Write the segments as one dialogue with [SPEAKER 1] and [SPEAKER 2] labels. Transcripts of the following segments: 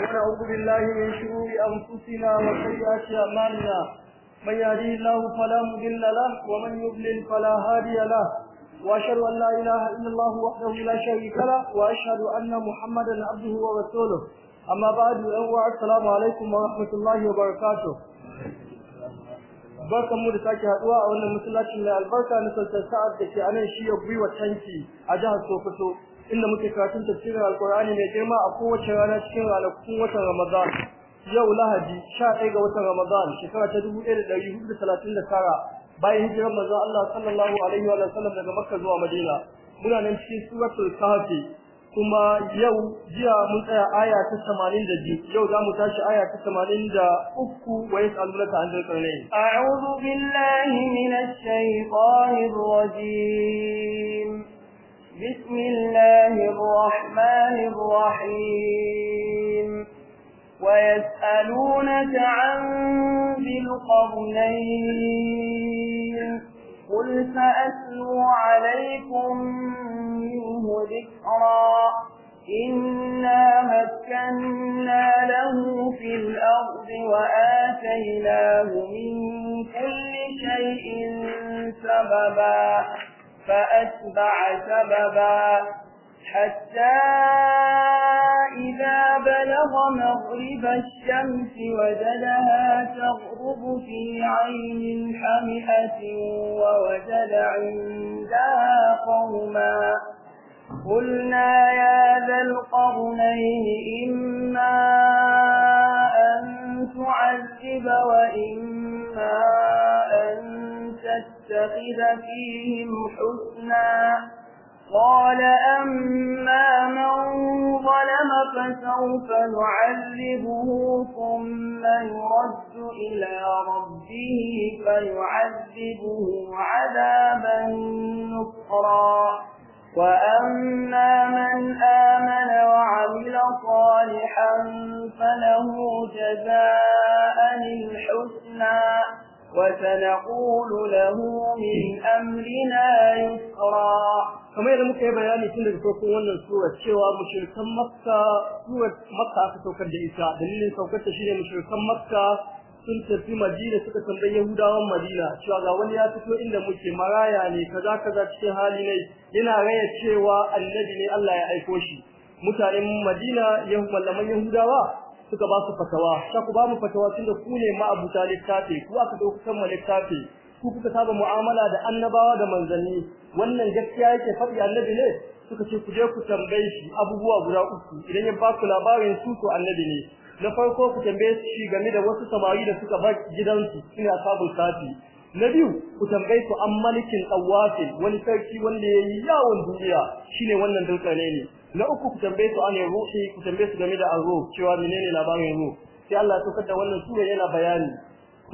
[SPEAKER 1] ونعوذ بالله من شرور أنفسنا وسيئات أعمالنا من يهديه الله فلا مضل له ومن يضلل فلا هادي له وأشهد أن لا إله إلا الله وحده لا شريك له وأشهد أن محمدا عبده ورسوله أما بعد السلام عليكم ورحمة الله وبركاته mu da sake haduwa a wannan masallacin mai albarka na sultan sa'ad da ke anan shi ya gwiwa tanki a jihar Sokoto inda muke karatun tafsirin alkur'ani mai girma a kowace rana cikin ranakun watan ramadan yau lahadi 11 ga watan ramadan shekara ta 1439 bayan hijirar manzon Allah sallallahu alaihi wa sallam daga makka zuwa madina muna nan cikin suratul kahfi kuma yau jiya mun tsaya aya ta 82 yau zamu tashi aya ta 83 wa yas'alunaka an dhalqarnayn
[SPEAKER 2] a'udhu billahi minash shaitanir rajim بسم الله الرحمن الرحيم ويسألونك عن ذي القرنين قل فأتلو عليكم منه ذكرا إنا مكنا له في الأرض وآتيناه من كل شيء سببا فأتبع سببا حتى إذا بلغ مغرب الشمس وجدها تغرب في عين حمئة ووجد عندها قوما قلنا يا ذا القرنين إما أن تعذب وإما أن تتخذ فيهم حسنا قال أما من ظلم فسوف نعذبه ثم يرد إلى ربه فيعذبه عذابا نكرا وأما من آمن وعمل صالحا فله جزاء الحسنى وسنقول له من
[SPEAKER 1] أمرنا يسرا كما يرى مكة بياني تندر فرقون وانا سورة شوى مشركا مكة سورة مكة أكتوكا دعيسا دليل سوكتا شيرا مشركا مكة sun tafi Madina suka tambayi Yahudawan Madina cewa ga wani ya fito inda muke maraya ne kaza kaza cikin hali ne yana raya cewa annabi ne Allah ya aiko shi mutanen Madina yahu mallaman Yahudawa suka ba su fatawa ta ku ba mu fatawa tunda ku ne ma abu littafi ku aka dauki kan littafi ku kuka saba mu'amala da annabawa da manzanni wannan gaskiya yake faɗi annabi ne suka ce ku je ku tambaye shi abubuwa guda uku idan ya ba ku labarin su to annabi ne na farko ku tambaye shi game da wasu samari da suka bar gidansu ina sabon safi na biyu ku tambaye ku an malikin tsawafi wani sarki wanda ya yi yawon duniya shine wannan dukkanai ne na uku ku tambaye su anil ruhi ku tambaye su game da arruh cewa menene labarin ruh sai Allah ya saukar da wannan sura yana bayani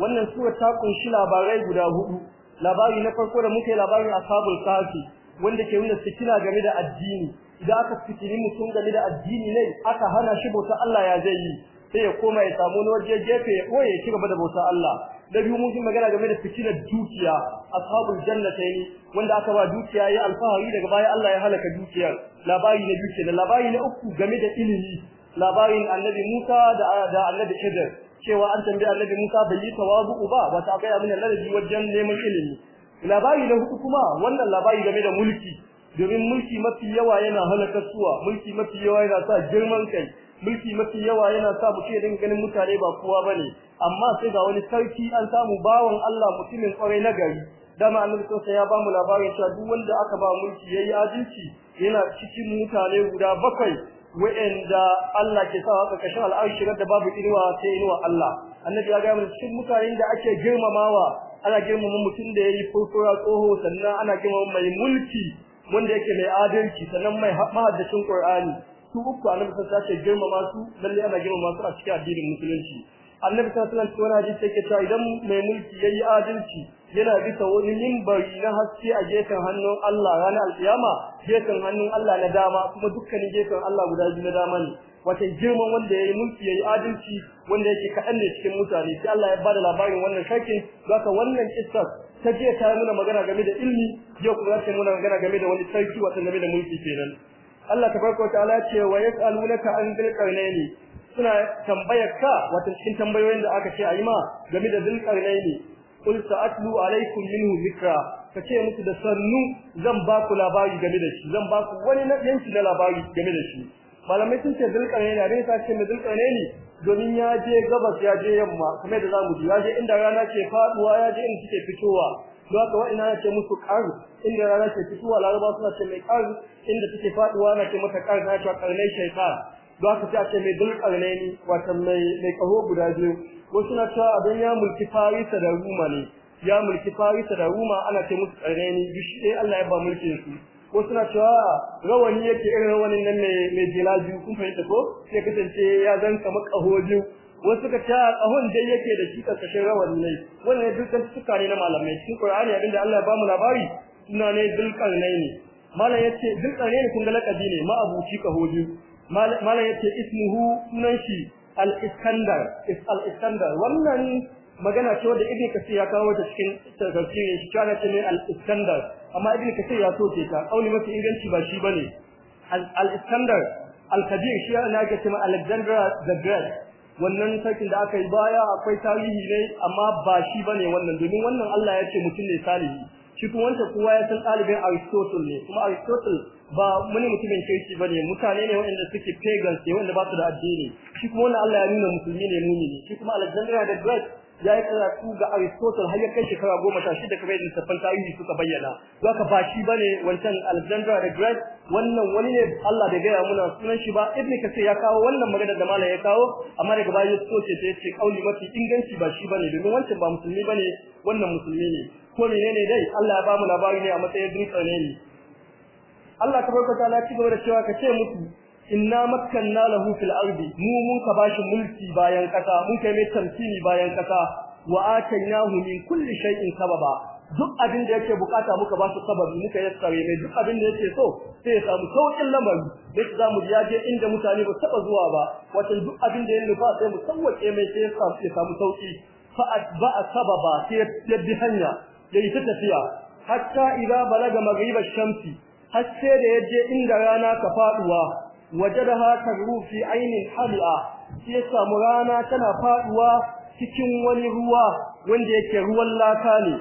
[SPEAKER 1] wannan sura ta kunshi labarai guda hudu labari na farko da muke labarin ashabul kafi wanda ke nuna fitina game da addini idan aka fitini mutum game da addini ne aka hana shi bauta Allah ya zai yi sai ya koma ya samu wani waje gefe ya koye ya ci gaba da bauta Allah da biyu mun magana game da fitinar dukiya ashabul jannatayn wanda aka ba dukiya ya alfahari daga baya Allah ya halaka dukiyar labari na biyu kenan labari na uku game da ilimi labarin annabi Musa da annabi Khidir cewa an tambaye annabi Musa bai yi tawazu ba ba ta ga mun ladabi wajen neman ilimi labari da hudu kuma wannan labari game da mulki domin mulki mafi yawa yana halaka mulki mafi yawa yana sa girman kai mulki mafi yawa yana sa mutum ya ganin mutane ba kowa bane amma sai ga wani sarki an samu bawan Allah mutumin kwarai na gari dama annabi sai ya ba mu labarin cewa duk wanda aka ba mulki yayi adalci yana cikin mutane guda bakwai wa'anda Allah ke sa haka kashin al'arshi da babu inuwa sai inuwa Allah annabi ya ga mu cikin mutane da ake girmamawa ana girmama mutum da yayi furfura tsoho sannan ana girmama mai mulki wanda yake mai adalci sannan mai mahaddacin Qur'ani su uku annabi ya ce girmama su lalle ana girmama su a cikin addinin musulunci annabi sallallahu alaihi wasallam hadisi yake cewa idan mai mulki yayi adalci yana bisa wani limbari na haske a gefen hannun Allah ranar alkiyama gefen hannun Allah na dama kuma dukkanin gefen Allah guda biyu na dama ne wata girman wanda ya yayi mulki yi adalci wanda yake kaɗan ne cikin mutane sai Allah ya bada labarin wannan shakin zaka wannan kissas ta je ta nuna magana game da ilmi yau kuma ta nuna magana game da wani sarki wata game da mulki kenan Allah tabaraka wa ta'ala ce wa yas'alunaka an dhil qarnaini suna tambayar ka wata cikin tambayoyin da aka ce ayi ma game da dhil qarnaini qul sa'atlu alaykum minhu zikra kace musu da sannu zan ba ku labari game da shi zan ba ku wani yanki na labari game da shi malamai sun ce zulkarne ne abin ce mai zulkarne ne domin ya je gabas ya je yamma kamar da zamu ji ya je inda rana ke faduwa ya je inda take fitowa don haka wa'ina na ce musu ƙaru inda rana ke fitowa laraba suna ce mai ƙaru inda take faduwa na ce mata ƙaru na ce karne shaytan don haka a ce mai dulƙarnai ne wato mai kaho guda biyu wasu na cewa abin ya mulki farisa da ruma ne ya mulki farisa da ruma ana ce musu karnani shi dai Allah ya ba mulkin su wasu na cewa rawani yake irin rawanin nan mai mai jilaji kun fahimta ko sai kasance ya zan kamar kahoji wasu ka ta kahon dai yake da shi ƙarƙashin rawani ne wannan dukkan suka ne na malamai cikin Qur'ani abinda Allah ya ba mu labari suna ne dukkan ne malam yace dukkan ne kun ga lakabi ne ma abuci kahoji malam yace ismuhu sunan shi al-iskandar al-iskandar wannan magana ce wanda ibn kasir ya kawo ta cikin tafsirin shi kana ce ne al-iskandar amma ibn kasir ya soke ta kauli mafi inganci ba shi bane al-iskandar al-kabir shi ana ga cewa alexander the great wannan sarkin da aka yi baya akwai tarihi ne amma ba shi bane wannan domin wannan Allah ya ce mutum ne salihi shi kuma wanda kowa ya san ɗalibin Aristotle ne kuma Aristotle ba wani mutumin kirki ba ne mutane ne waɗanda suke pagans ne wanda ba su da addini shi kuma wannan Allah ya nuna musulmi ne muni ne shi kuma Alexander the Great ya yi karatu ga Aristotle har ya kai shekara goma sha shida kamar yadda safan tarihi suka bayyana za ka ba shi bane wancan Alexander the Great wannan wani ne Allah da gaya muna sunan shi ba Ibn Kathir ya kawo wannan magana da malam ya kawo amma daga baya ya soke ta yace kauli mafi inganci ba shi bane domin wancan ba musulmi bane wannan musulmi ne ko menene dai Allah ya ba mu labari ne a matsayin dukkan ne Allah tabaraka ta'ala ya ci gaba da cewa ka ce musu inna makkanna lahu fil ardi mu mun ka bashi mulki bayan kasa mun kai mai tamkini bayan kasa wa atainahu min kulli shay'in sababa duk abin da yake bukata muka ba sababi muka yassare mai duk abin da yake so sai ya samu saukin lamari duk za mu je inda mutane ba taba zuwa ba wato duk abin da ya nufa sai mu sauke mai sai ya samu sauki fa atba sababa sai ya bi hanya da ita tafiya hatta idza balaga maghriba shamsi har sai da yaje inda rana ka faduwa wajadaha taru fi ainin hal'a sai ya samu rana tana faduwa cikin wani ruwa wanda yake ruwan laka ne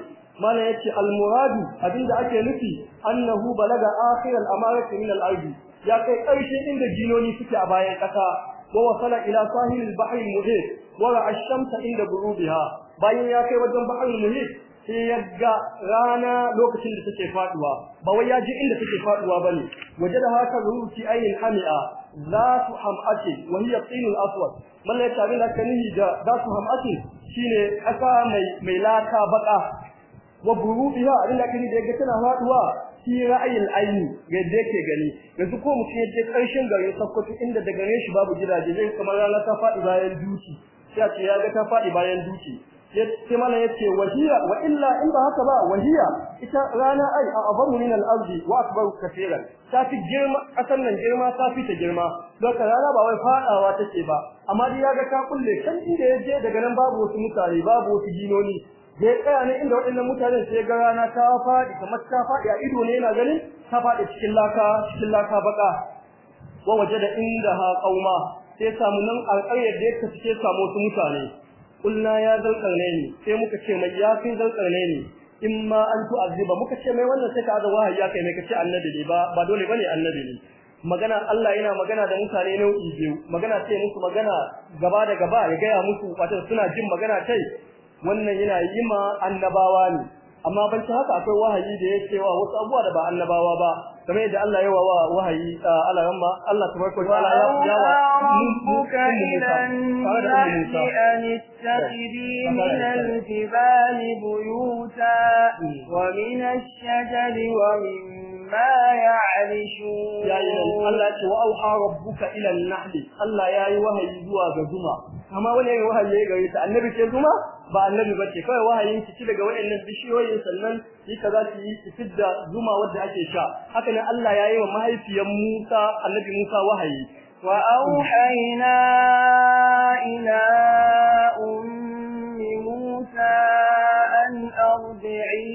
[SPEAKER 1] mana yace almuradu abinda ake nufi annahu balaga akhir al-amarati min al-ardi ya kai karshe inda jinoni suke a bayan kasa wa wasala ila sahil al-bahr al-muhit wa ra'a ash-shamsa inda ghurubiha bayan ya kai wajen bahr al-muhit sai ya ga rana lokacin da take faduwa ba wai ya ji inda take faduwa bane waje da haka rufi ayin hami'a za su ham'ati wa hiya tinul aswad mallai ta bin da da za su ham'ati shine kasa mai mai laka baka wa burubiha abin da kani da ga tana faduwa shi ra'ayin aini ga yadda yake gani yanzu ko mutum yaje karshen garin sakkwato inda daga gare shi babu gidaje zai kamar rana ta faɗi bayan duki sai ce ya ga ta faɗi bayan duki yace mana yace wahiya wa illa in ba haka ba wahiya ita rana ai a abamu min al-ardi wa akbaru kaseeran ta fi girma asan nan girma ta fi ta girma doka rana ba wai fadawa take ba amma dai yaga ka kulle kan inda yaje daga nan babu wasu mutane babu wasu ginoni. da ya tsaya ne inda waɗannan mutanen sai ga rana ta faɗi kamar ta faɗi a ido ne yana ganin ta faɗi cikin laka cikin laka baka wa wajada inda ha qauma sai samu nan alƙaryar da ya suke samu wasu mutane kulna ya ne sai muka ce mai ya fi in ma an tu'azziba muka ce mai wannan sai ka aza wahayi ya kai mai kace annabi ne ba ba dole bane annabi ne magana Allah yana magana da mutane nau'i biyu magana ce musu magana gaba da gaba ya gaya musu wato suna jin magana tai wannan yana yi ma annabawa ne amma ban ta haka akwai wahayi da yake cewa wasu abuwa da ba annabawa ba kamar yadda Allah ya wawa wahayi Allah ramma Allah tabaraka wa ta'ala ya yawa rabbuka ilan nasi an ittakhidhi min
[SPEAKER 2] al-jibali buyuta wa min ash-shajari
[SPEAKER 1] wa mimma ya'rishun ya Allah ce wa auha rabbuka ila an-nahl Allah yayi wahayi zuwa ga zuma amma wani yayin wahayi ya gare ta annabi ce kuma ba annabi ba ce kai wahayin ki daga wayannan bishiyoyin sannan yi kaza ki yi ki fidda zuma wanda ake sha haka ne Allah ya yi wa mahaifiyar Musa annabi Musa wahayi wa auhayna ila
[SPEAKER 2] قوم موسى أن أرضعيه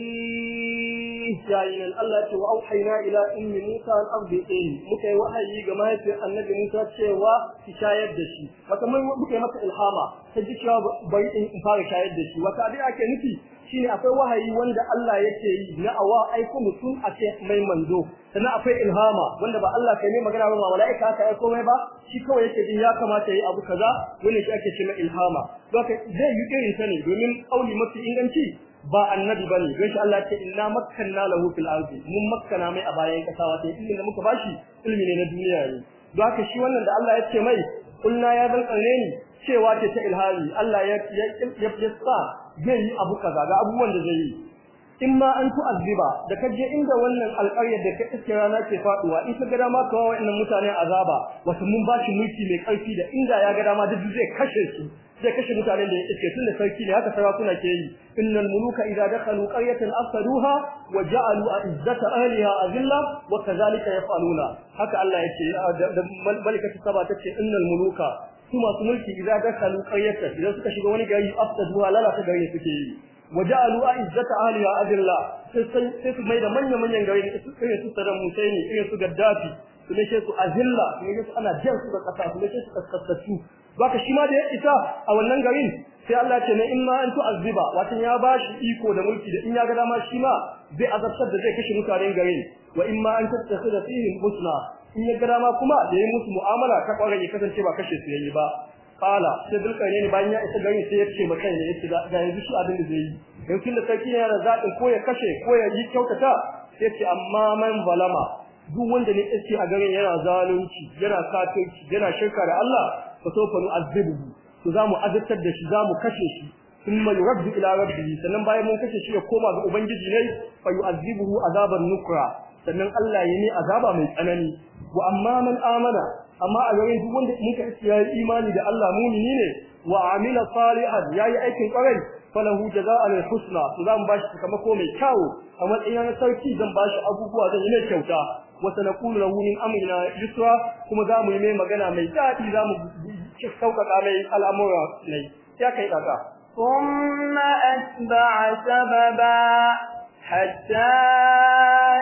[SPEAKER 1] يا إلى الله وأوحينا إلى أم موسى أن أرضعيه مكي وحي جماعة النبي موسى تشيوا تشايد دشي وكما مكي مكي إلحاما تجي شوى بيت إنفار شايد دشي وكأبي أكي نفي Shin akwai wahayi wanda Allah yake yi na awa aiko mutum a ce mai manzo sannan akwai ilhama wanda ba Allah kai mai magana ba ba malaika aka aiko mai ba shi kawai yake jin ya kamata yi abu kaza wani shi ake cewa ilhama doka zai yi irin ta ne domin auli mafi inganci ba annabi bane don shi Allah ce inna makkanna lahu fil ardi mun makkana mai a bayan kasa wato ilimin da muka bashi ilimi ne na duniya ne doka shi wannan da Allah ya ce mai kulna ya zan ni cewa ce ta ilhami Allah ya ya sa zai yi abu kaza ga abubuwan da zai yi in ma an tu'azziba da kaje inda wannan alƙarya da ka iske rana ke faduwa in ka ga dama kawo wannan mutane azaba wasu mun ba shi mulki mai ƙarfi da inda ya ga dama duk zai kashe su zai kashe mutanen da ya iske tun da sarki ne haka sarakuna ke yi innal muluka idza dakhalu qaryatan afsaduha wa ja'alu izzata ahliha azilla wa kadhalika yaf'aluna haka Allah yake da malikatu saba tace innal muluka su masu mulki idan da kalu qayyata idan suka shiga wani gari afsadu lalata gari suke yi waja'alu izzata ahliha adilla sai su mai da manyan manyan gari irin su Saddam musaini irin su Gaddafi su ne su azilla su ne su ana jan su ga ƙasa su ne su kaskasatu baka shi ma da ya isa a wannan garin sai Allah ce ne in ma an tu'azziba wato ya bashi iko da mulki da in ya ga dama shi ma zai azabtar da zai kashe mutanen garin wa in ma an tattakhidha fihim husna in ya gara ma kuma da yi musu mu'amala ta kwara ya kasance ba kashe su yayi ba kala sai dulka ne bayan ya isa gari sai ya ce maka ne da ga yanzu shi abin da zai yi dan kin da sarki yana zaɓin ko ya kashe ko ya yi kyautata sai ce amma man balama duk wanda ne yace a garin yana zalunci yana kafirci yana shirka da Allah fa so fa azibu to zamu azabtar da shi zamu kashe shi thumma yuraddu ila rabbih sannan bayan mun kashe shi ya koma ga ubangiji ne fa yu'azibuhu azaban nukra sannan Allah ya azaba mai tsanani wa amma man amana amma a garin duk wanda muka ya yi imani da Allah mumini ne wa amila salihan yayi aikin kwarai falahu jazaa'ul husna to zan bashi sakamako mai kyau a matsayin sarki zan bashi abubuwa zan yi mai kyauta wa sanaqulu lahu min amrina yusra kuma za mu yi mai magana mai dadi za mu sauƙaƙa mai al'amura ne ya kai kaka
[SPEAKER 2] ثم أتبع سببا
[SPEAKER 1] حتى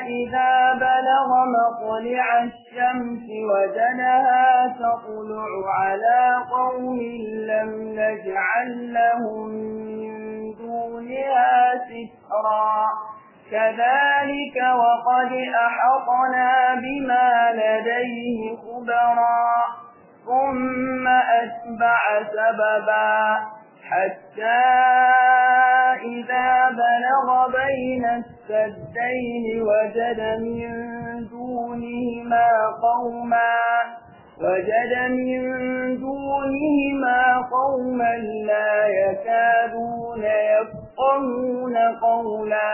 [SPEAKER 2] إذا بلغ مطلع الشمس وجنها تطلع على قوم لم نجعل لهم من دونها سترا كذلك وقد أحطنا بما لديه خبرا ثم أتبع سببا حتى فإذا بلغ بين السدين وجد من دونهما قوما وجد من دونهما قوما لا يكادون يفقهون قولا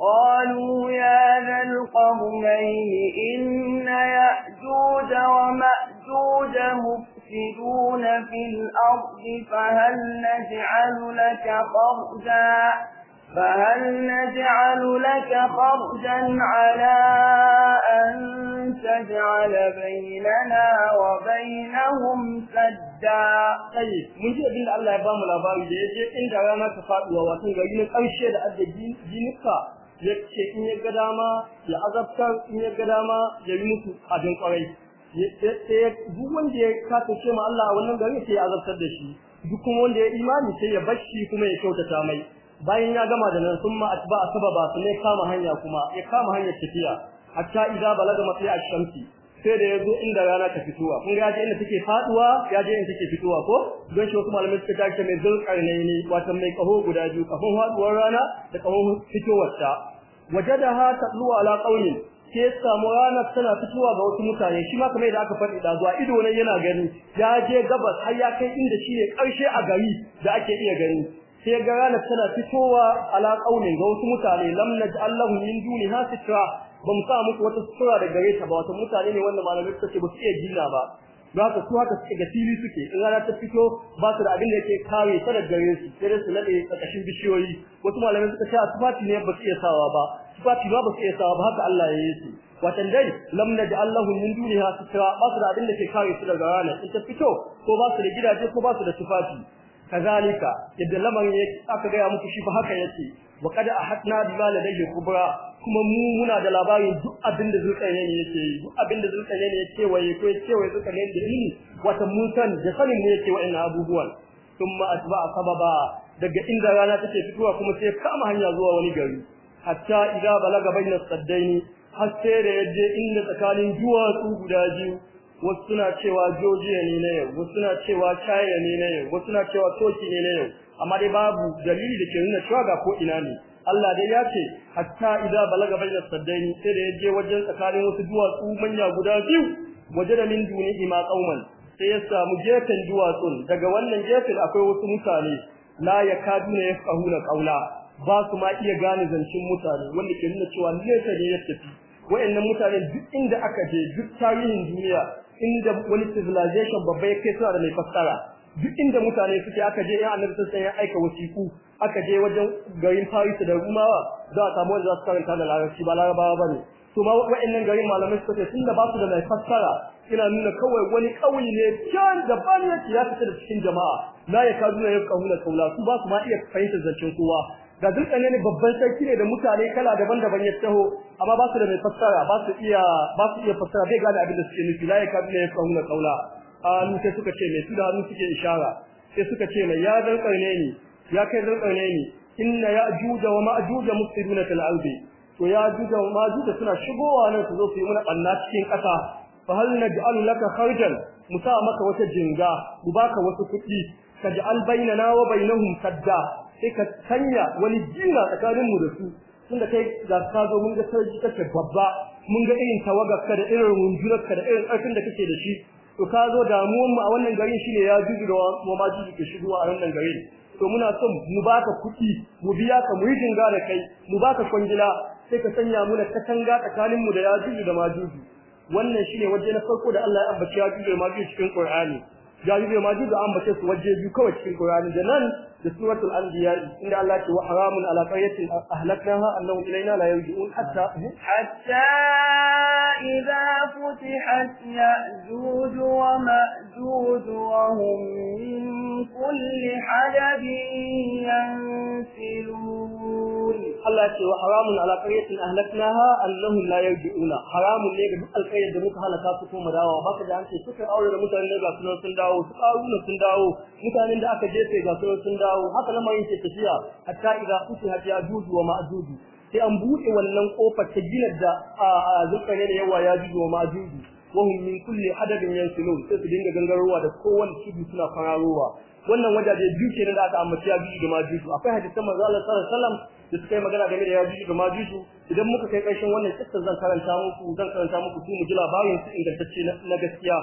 [SPEAKER 2] قالوا يا ذا القرنين إن يأجوج ومأجوج مفتوح يفسدون في الأرض فهل نجعل لك خرجا فهل نجعل لك خرجا على أن تجعل بيننا
[SPEAKER 1] وبينهم سدا طيب من جاء بين الله يبام الأبار يجي إن دعوانا تفاد وواتن غيرين أرشد أدى جينكا ya ce in ya ga dama ya azabtar in ya duk wanda ya kafa ce ma Allah a wannan gari sai ya azabtar da shi duk kuma wanda ya imani sai ya bashi kuma ya kyautata mai bayan ya gama da nan summa atba sababa su ne kama hanya kuma ya kama hanyar tafiya hatta idza balaga matla ash-shamsi sai da yazo inda rana ta fitowa kun ga yaje inda take faduwa yaje inda take fitowa ko don shi wasu malamai suka tace mai zulkarnai ne wato mai kaho guda biyu kafin faduwar rana da kaho fitowar ta wajadaha tatlu ala qaumin sai ya samu ranar tana fitowa ga wasu mutane shi ma kamar da aka faɗi da zuwa ido ne yana gani ya je gabas har ya kai inda shi ne ƙarshe a gari da ake iya gani sai ga ranar tana fitowa ala kaunin ga wasu mutane lam naj'allahu min duni sitra ba sa muku wata sura da gare ta ba wata mutane ne wanda malamin suka ce ba su iya jinna ba don haka su haka suke fili suke in rana ta fito ba su da abin da yake kare da gare su sai dai su nade ƙarƙashin bishiyoyi wasu malamai suka ce a tufafi ne ba su iya sawa ba tufafi ba ba su iya sawa ba haka Allah ya yi su watan dai lam naj'al Allahu min duniha sutra ba su da abin da ke kare su daga rana in ta fito ko ba su da gidaje ko ba su da tufafi kazalika yadda lamarin yake aka ga muku shi ba haka yake wa kada ahadna bi walidayhi kubra kuma mu muna da labarin duk abin da zulkarnain yake yi duk abin da zulkarnain yake waye ko yake waye zulkarnain da ni, wata mun san da sanin ne yake ina abubuwan thumma atba'a sababa daga inda rana take fitowa kuma sai kama hanya zuwa wani gari hatta idza balaga bainas saddaini har sai da yaje inda tsakanin su guda biyu wasu suna cewa jojiya ne na wasu suna cewa chaya ne na wasu suna cewa toki ne na yau amma dai babu dalili da ke nuna cewa ga ko ina ne Allah dai ya ce hatta idza balaga bayna saddaini sai da yaje wajen tsakanin wasu duwatsu manya guda biyu da min duni ima qauman sai ya samu gefen duwatsun daga wannan gefen akwai wasu mutane la yakaduna yafqahuna qawla ba su ma iya gane zancin mutane wanda ke nuna cewa nesa ne ya tafi wayannan mutane duk inda aka je duk tarihin duniya inda wani civilization babba ya tsara da mai fassara duk inda mutane suke aka je ya annabi sai ya aika wasiku aka je wajen garin farisa da Rumawa za a samu wanda za su karanta da larabci ba ba bane to ma wa'annan garin malamai suka ce tunda ba su da mai fassara ina nuna kawai wani kauye ne can da ban ya ya fita da cikin jama'a na ya kazu ya kauna kaula su ba su ma iya fahimtar zancen kowa ga dukkan ne babban sarki ne da mutane kala daban-daban ya taho amma ba su da mai fassara ba su iya ba su iya fassara bai gane abin da suke nufi la ya kazu ya kauna kaula qalu sai suka ce mai su da hannu suke ishara sai suka ce mai ya ne ni ya kai ne ni inna ya'juj wa ma'juj mufsiduna fil ardi to ya'juj wa ma'juj suna shigowa nan su zo su yi mana banna cikin kasa fa hal naj'alu laka kharjan musa maka wata jinga mu baka wasu kuɗi taj'al bainana wa bainahum sadda sai ka sanya wani jinga mu da su tunda kai ga ka zo mun ga sarki kake babba mun ga irin tawagarka da irin runjunarka da irin ƙarfin da kake da shi to ka zo damuwan mu a wannan garin shine ya jiji da wa ma juju ke shigo a wannan gari? to muna son mu baka kuɗi mu biya ka mu yi dinga da kai mu baka kwangila sai ka sanya muna katanga tsakanin mu da ya jiji da ma juju wannan shine waje na farko da Allah ya ambaci ya jiji da ma jiji cikin Qur'ani ya jiji da ma juju da ambace su waje biyu kawai cikin Qur'ani da nan سورة الأنبياء إن الله وحرام على قرية أهلكناها أنهم إلينا لا يرجعون حتى حتى إذا
[SPEAKER 2] فتحت يأجوج ومأجوج وهم من كل حدب ينسلون
[SPEAKER 1] Allah ya ce wa haramun ala qaryatin ahlaknaha annahum la yarji'una haramun ne ga duk alƙaryar da muka halaka su koma dawa. baka da an ce suka aure da mutane ga sunan sun dawo su karuna sun dawo mutanen da aka jefe ga sunan sun dawo haka lamarin ke tafiya hatta idza utiha yajuju wa ma'juju sai an buɗe wannan kofar ta gina da zulkare da yawa ya juju wa ma'juju wahum min kulli hadabin yansilun sai su dinga gangarowa da kowanne cibi suna fararowa wannan wajaje biyu kenan da aka ambaci ya biyu da majuju akwai hadisan manzo Allah sallallahu alaihi wasallam da suka yi magana game da yajuju da majuju idan muka kai karshen wannan cikin zan karanta muku zan karanta muku su mu ji labarin su ingantacce na gaskiya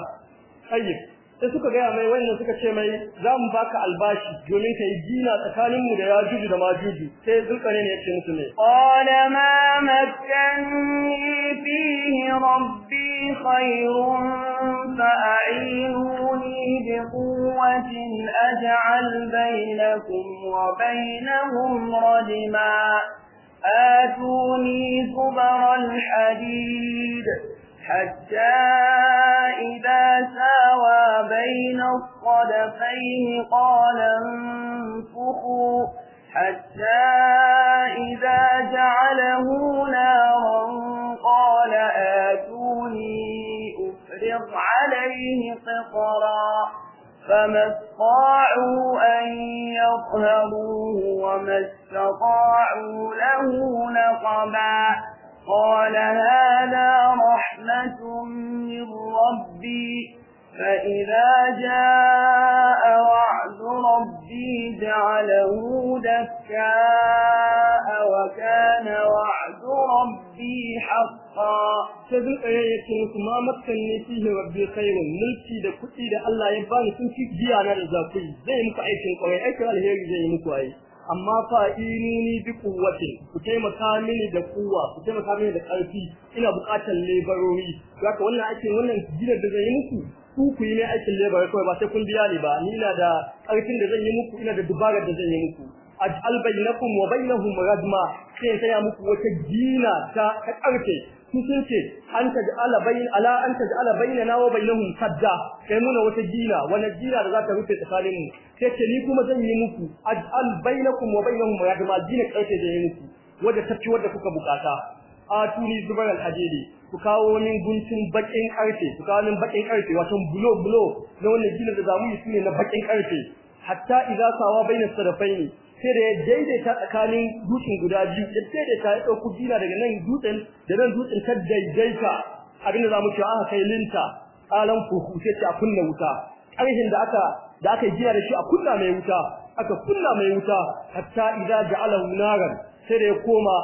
[SPEAKER 1] tayyib sai suka gaya mai wannan suka ce mai za mu baka albashi domin ka yi gina tsakaninmu da yajuju da majuju sai zulkane ne ya ce musu ne
[SPEAKER 2] qala ma makkanni fihi rabbi khairun fa a'inuni bi quwwatin aj'al bainakum wa bainahum radima atuni zubara al-hadid حتى إذا ساوى بين الصدفين قال انفخوا حتى إذا جعله نارا قال آتوني أفرض عليه قطرا فما استطاعوا أن يظهروه وما استطاعوا له نقبا قال هذا رحمة من ربي فإذا جاء وعد ربي جعله دكاء وكان وعد ربي
[SPEAKER 1] حقا تدل ايتين kuma makanni fihi rabbi khairun mulki da kuɗi da Allah ya bani sun fi biya na da zakuyi zai muku aikin kawai aikin alheri zai muku aiki amma fa inuni bi kuwwati ku taimaka mini da kuwa ku taimaka mini da karfi ina bukatar lebarori zaka wannan aikin wannan gidan da zai muku ku ku yi mai aikin lebar kawai ba sai kun biya ni ba ni ina da karfin da zan yi muku ina da dubarar da zan yi muku aj'al bainakum wa bainahum radma sai ya muku wata gina ta karfe sun ce an ala bai ala an taj'ala na wa bainahum sadda kai muna wata gina wannan gina da za ta rufe tsakanin mu sai ni kuma zan yi muku al bainakum wa bainahum ya da gina karshe da yi muku wanda tafi wanda kuka bukata tuni zubar al-kade alhadidi ku kawo min guntun bakin karfe ku kawo min bakin karfe wato bulo bulo na wannan gina da zamu yi sune na bakin karfe hatta idza sawa bainas ne. sai da ya daidaita tsakanin dutsen guda biyu da sai da ta dauko dina daga nan dutsen da nan dutsen ta daidaita abinda zamu cewa aka kai linta alam kuku sai ta kunna wuta ƙarshen da aka da aka da shi a kunna mai wuta aka kunna mai wuta hatta idza ja'alahu naran sai da ya koma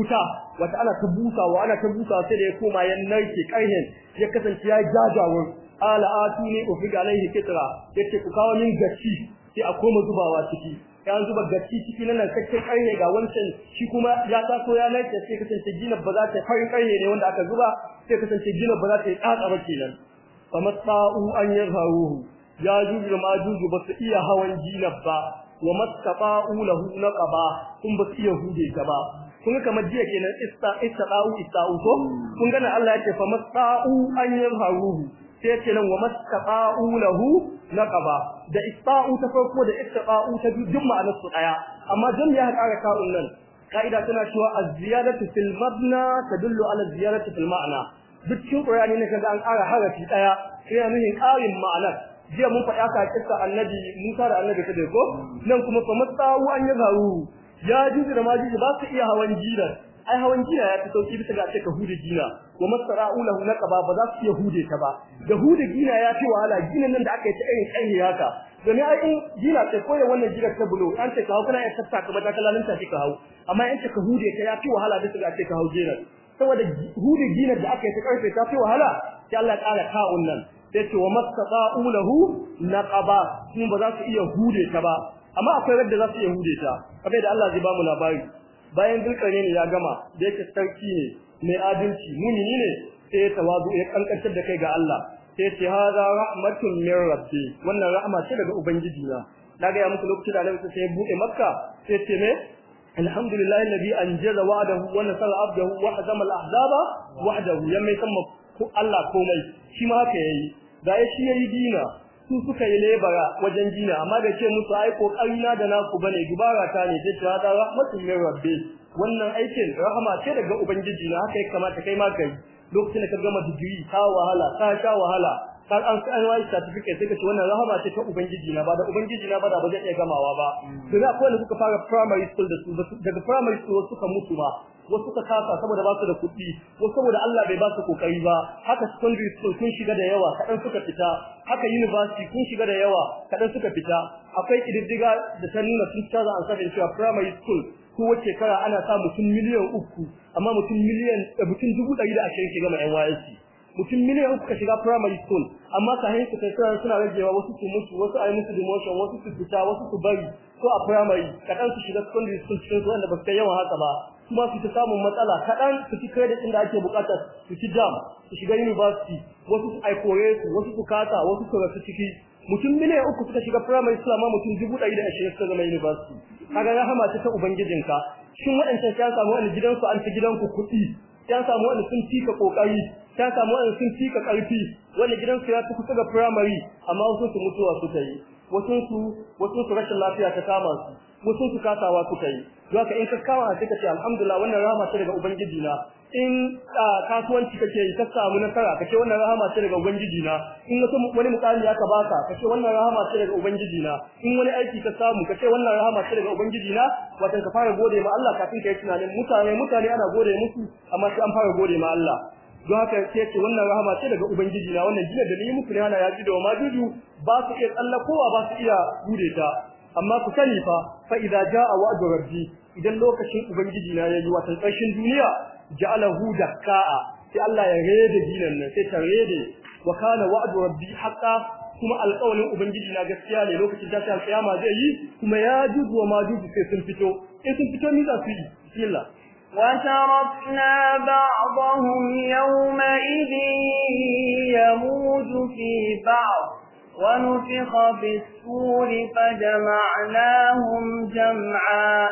[SPEAKER 1] wuta wata ana ta wa ana ta busa sai da ya koma ya narke ƙarshen ya kasance ya jajawar ala atini ufiga alaihi kitra yace ku kawo min gaci sai a koma zubawa ciki ya zuba gaci ciki na narkakken karne ga wancan shi kuma ya taso ya nake sai kasance gina ba za ta farin karne ne wanda aka zuba sai kasance gina ba za ta tsatsa ba kenan famatta'u an yarharuhu ya juju ma juju ba su iya hawan gina ba wa matta'u lahu naqaba kun ba su iya hude ta ba kun kamar jiya kenan ista'u ista'u ko kun gana Allah yake famatta'u an yarharuhu sai ce nan wa mastaqa'u lahu naqaba da ista'u ta farko da istaqa'u ta biyu duk ma'anar su daya amma dan ya ƙara ka'un nan ka'ida tana cewa az-ziyadatu fil mabna tadullu ala az-ziyadatu fil ma'na duk cikin qur'ani ne kaga an ƙara harafi daya sai ya nuna ƙarin ma'anar jiya mun faɗa ka kissa annabi Musa da annabi Khidir ko nan kuma fa masta'u an yazaru ya juzu da majiji ba su iya hawan jiran ai hawan jina ya fi sauki bisa ga cewa ka hude jina wa masara'u lahu naqaba ba za su iya hude ta ba da hude jina ya fi wahala jinan nan da aka yi ta irin kanyi haka domin ai in jina ce koyar wannan jina ta bulo an ce ka hau kana ya tafta kamar takalalin ta ka hau amma in ka hude ta ya fi wahala bisa ga cewa ka hau jina saboda hude jina da aka yi ta karfe ta fi wahala sai Allah ya kara ka'un nan sai ce wa masara'u lahu naqaba kuma ba za su iya hude ta ba amma akwai wadda za su iya hude ta kamar da Allah zai ba mu labari bayan dulkare ne ya gama da yake sarki ne mai adalci mumini ne sai tawazu ya kankantar da kai ga Allah sai ce hada rahmatun min rabbi wannan rahma ce daga ubangiji na daga ya muku lokacin da Allah sai buɗe makka sai ce ne alhamdulillahi alladhi anjaza wa'dahu wa nasara abdahu wa hazama al-ahzaba wahdahu yamma sama Allah komai shi ma haka yayi da ya shi yayi dina su suka yi lebara wajen jina amma da ke musu ai kokari na da naku bane dubara ta ne ce ta rahmatul min rabbi wannan aikin rahama ce daga ubangiji na haka ya kamata kai ma kai lokacin da ka gama digiri ka wahala ka sha wahala har an kai wai certificate sai ka ce wannan rahama ce ta ubangiji na ba da ubangiji na ba da ba zai iya gamawa ba to za ko ne suka fara primary school da su daga primary school suka mutu ba wasu suka kasa saboda ba su da kuɗi wasu saboda Allah bai basu su kokari ba haka secondary school sun shiga da yawa kadan suka fita haka university kun shiga da yawa kadan suka fita akwai kididdiga da ta nuna sun tsara an sabin cewa primary school ko wace kara ana sa mutum miliyan uku amma mutum miliyan eh, mutum dubu ɗari da ashirin shiga ma NYC mutum miliyan uku ka shiga primary school amma sahihin su kai suna rajewa wasu su mutu wasu ayi musu demotion wasu su fita wasu su bari ko a primary kaɗan su shiga secondary school cikin su wanda ba su kai yawan haka ba kuma su ta samun matsala kaɗan su ci kai da inda ake bukata su ci jam su shiga university wasu su aikore su wasu su kata wasu su rasu ciki mutum miliyan uku suka shiga primary school amma mutum dubu ɗari da ashirin suka zama university kaga rahama ce ta ubangijinka shin waɗancan ya samu wani gidansu an fi gidanku kuɗi ya samu wani sun ci ka kokari ta samu wani sun ci ka ƙarfi wani gidansu ya fi kusa ga primary amma wasu su mutuwa suka yi wasu su wasu su rashin lafiya ta kama su wasu su kasawa suka yi haka in kaskawa a sai ka ce alhamdulillah wannan rahama ce daga ubangiji na in kasuwanci kake yi ka samu nasara kace wannan rahama ce daga ubangiji na in wani mukami aka baka kace wannan rahama ce daga ubangiji na in wani aiki ka samu kace wannan rahama ce daga ubangiji na wato ka fara gode ma Allah kafin ka yi tunanin mutane mutane ana gode musu amma sai an fara gode ma Allah don haka sai ce wannan rahama ce daga ubangiji na wannan gina da ni muku ne ana yaji da majuju ba su iya kowa ba su iya gude ta amma ku sani fa fa idza jaa wa'du rabbi idan lokacin ubangiji na yayi watan ƙarshen duniya ja'alahu dakka'a sai Allah ya rede dinan nan sai ta rede wa kana wa'du rabbi haqqan kuma alƙawarin ubangiji na gaskiya ne lokacin tashi alƙiyama zai yi kuma ya juju wa majuju sai sun fito in sun fito ni za su yi bismillah وتركنا
[SPEAKER 2] بعضهم يومئذ يموج في بعض ونفخ في السور فجمعناهم جمعا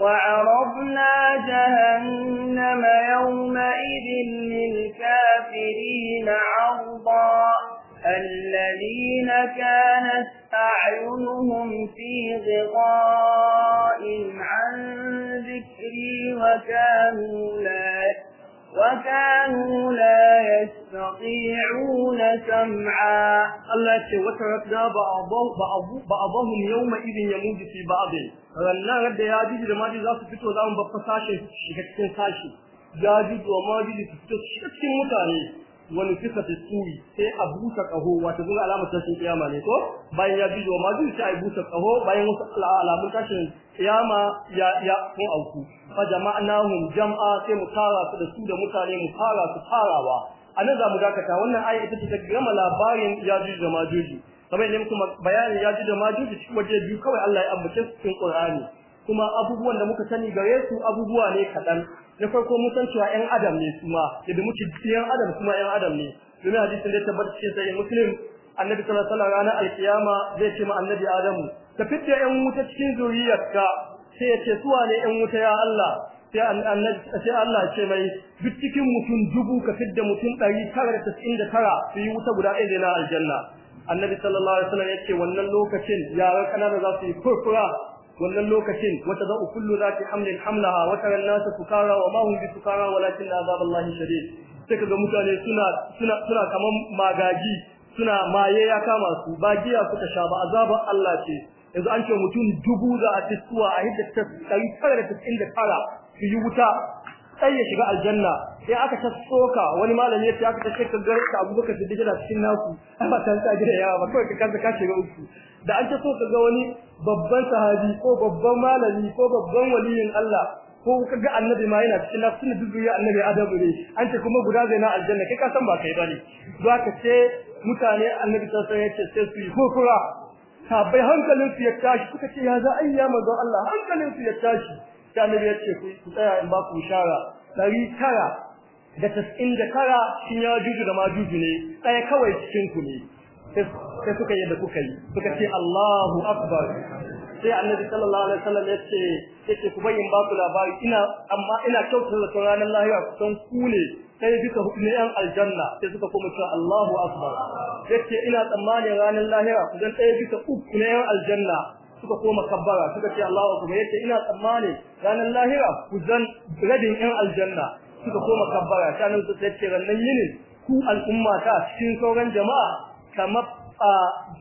[SPEAKER 2] وعرضنا جهنم يومئذ للكافرين عرضا الذين كانت أعينهم في غطاء عن ذكري وكانوا لا
[SPEAKER 1] وكانوا لا يستطيعون سمعا الله يتي وتركنا بعضهم يومئذ يموج في بعض ranar radda ya jiji da maji za su fito za mu babba sashen shiga cikin sashi ya jiji fito mutane wani kisa da tsuri sai a busa kaho wato zuwa alamar tashin kiyama ne ko bayan ya biyo ma zai sai a busa kaho bayan wasu alamun tashin kiyama ya ya ko auku fa jama'nahum jam'a sai mu tara su da su da mutane mu fara su tarawa anan za mu dakata wannan aya ita ce ta gama labarin yajuj da majuji kamar yadda bayani da cikin waje biyu kawai Allah ya ambace su cikin Qur'ani kuma abubuwan da muka sani gare su abubuwa ne kaɗan na farko mun san cewa 'yan adam ne su ma muke 'yan adam kuma ƴan adam ne domin hadisin da ya tabbata cikin sahih muslim annabi sallallahu alaihi wasallam ranar alkiyama zai ce ma annabi adamu ka fitta ƴan wuta cikin zuriyarka sai ya ce suwa ne 'yan wuta ya Allah sai annabi sai Allah ya ce mai duk cikin mutum dubu ka fitta mutum 999 su yi wuta guda ɗaya ne na aljanna annabi sallallahu alaihi wasallam ce wannan lokacin yaran kanana za su yi furfura wannan lokacin wata za u kullu zati hamlin hamlaha wa tara an-nasa sukara wa ma hum bisukara walakin Allah shadid sai kaga mutane suna suna suna kaman magaji suna maye ya kama su ba giya suka sha ba azabar Allah ce yanzu an ce mutum dubu za a tiskuwa a hidda ta kai tara da tara su yi wuta sai ya shiga aljanna sai aka ta soka wani malami yace aka ta shekka garin ka Abubakar Siddiq yana cikin naku ba san ta gida yawa ba kawai ka kanka ka shiga uku da an ta so ka ga wani babban sahabi ko babban malami ko babban waliyin Allah ko ka ga annabi ma yana cikin lafsin dubiya annabi adabu ne an ce kuma guda zai na aljanna kai ka san ba kai bane Za ka ce mutane annabi ta sai yace sai su kokura ta bai hankalin su ya tashi kuka ce ya za a ya manzo Allah hankalin su ya tashi sai annabi yace ku tsaya in ba ku shara dari tara da tas'in da 99 shin ya juju da majuju ne tsaya kawai cikin ku ne sai suka yi da kuka yi suka ce Allahu akbar sai annabi sallallahu alaihi wasallam ya ce yace ku bayin ba ku labari ina amma ina kyautar da ranar lahira kusan ku ne sai duka hukumin yan aljanna sai suka koma cewa Allahu akbar yace ina tsammanin ranar lahira kusan ɗaya duka uku ne yan aljanna suka koma kabbara suka ce Allahu akbar yace ina tsammanin ranar lahira kusan radin yan aljanna suka koma kabbara sanan su sai ce ranan yini ku al'umma ta cikin sauran jama'a kamar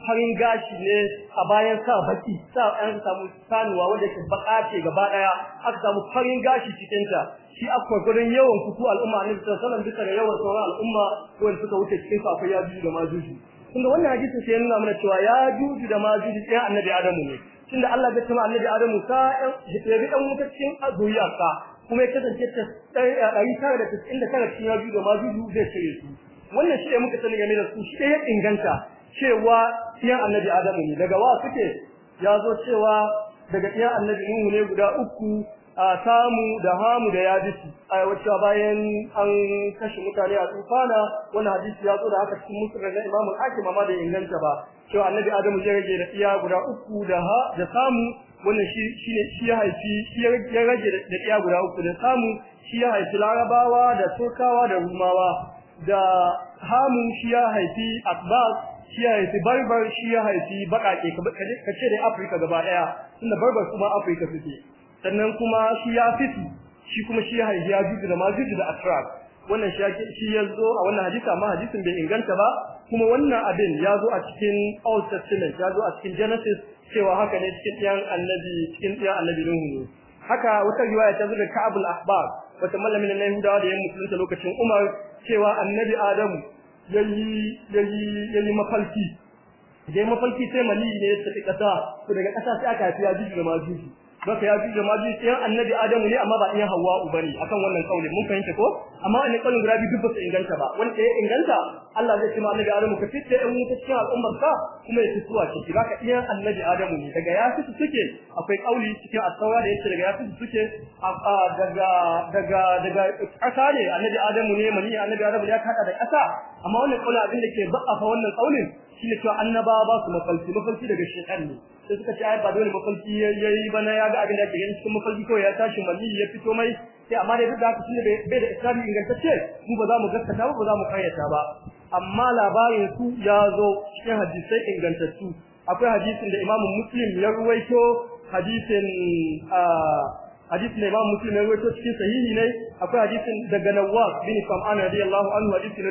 [SPEAKER 1] farin gashi ne a bayan sa baki sa an samu sanuwa wanda ke baka ce gaba daya aka samu farin gashi cikin ta shi akwai gurin yawan kutu al'umma ne sanan duka da yawan sauran al'umma wanda suka wuce cikin sa akwai yaji da majuju tunda wannan hadisi sai nuna mana cewa yaji da majuju sai annabi adamu ne tunda Allah ya tuma annabi adamu sa ya bi dan wuta cikin kuma ya kasance ta 199 cikin yaji da majuju zai ce su wannan shi ne muka sani game da su shi ya inganta cewa iyan annabi adamu ne daga wa suke ya zo cewa daga iyan annabi nuhu ne guda uku a samu da hamu da yadisi a wacce bayan an kashe mutane a tufana wani hadisi ya zo da haka cikin musulun na imamu hakim mama da inganta ba cewa annabi adamu ya rage da iya guda uku da ha da samu wannan shi ne shi ya haifi shi ya rage da iya guda uku da samu shi ya haifi larabawa da tokawa da rumawa da hamu shi ya haifi akbas shi ya haifi barbar shi ya haifi bakake ka ce dai afirka gaba daya tunda barbar kuma afirka suke sannan kuma shi ya fiti shi kuma shi ya haifi ya juju da majuju da atrak wannan shi ya zo a wannan hadisa amma hadisin bai inganta ba kuma wannan abin ya zo a cikin old testament ya zo a cikin genesis cewa haka ne cikin ɗiyan annabi cikin ɗiyan annabi nuhu ne haka wata riwaya ta zo da ka'abul ahbar wata mallamin na yahudawa da ya musulunta lokacin umar cewa annabi adamu yayi yayi yayi mafalki dai mafalki sai mali ne ya tafi kasa to daga kasa sai aka haifi ya jiji da majiji Baka ya ji jama'a sai annabi Adamu ne amma ba ɗayan Hawwa'u bane akan wannan kauli mun fahimta ko amma wannan kaulin guda biyu duk ba inganta ba wanda ya inganta Allah zai ce ma annabi Adamu ka fitta ɗan wuta cikin al'ummar ka kuma ya fituwa ciki baka iya annabi Adamu ne daga ya fitu suke akwai kauli cikin asawa da yake daga ya fitu suke daga daga daga ƙasa ne annabi Adamu ne mani annabi Adamu ya kada da ƙasa amma wannan kaulin abin da ke fa wannan kaulin shi ne cewa annabawa ba su mafarki mafarki daga shaytan ne sai suka ce ai ba dole ya yi bana ya ga abin da yake yin cikin mafarki ko ya tashi malli ya fito mai sai amma dai duk da haka shi bai da islami ingantacce mu ba za mu gaskata ba ba za mu karyata ba amma labarin su ya zo cikin hadisai ingantattu akwai hadisin da Imam Muslim ya ruwaito hadisin hadisin da Imam Muslim ya rawaito cikin sahihi ne akwai hadisin daga Nawas bin Sam'an radiyallahu anhu hadisi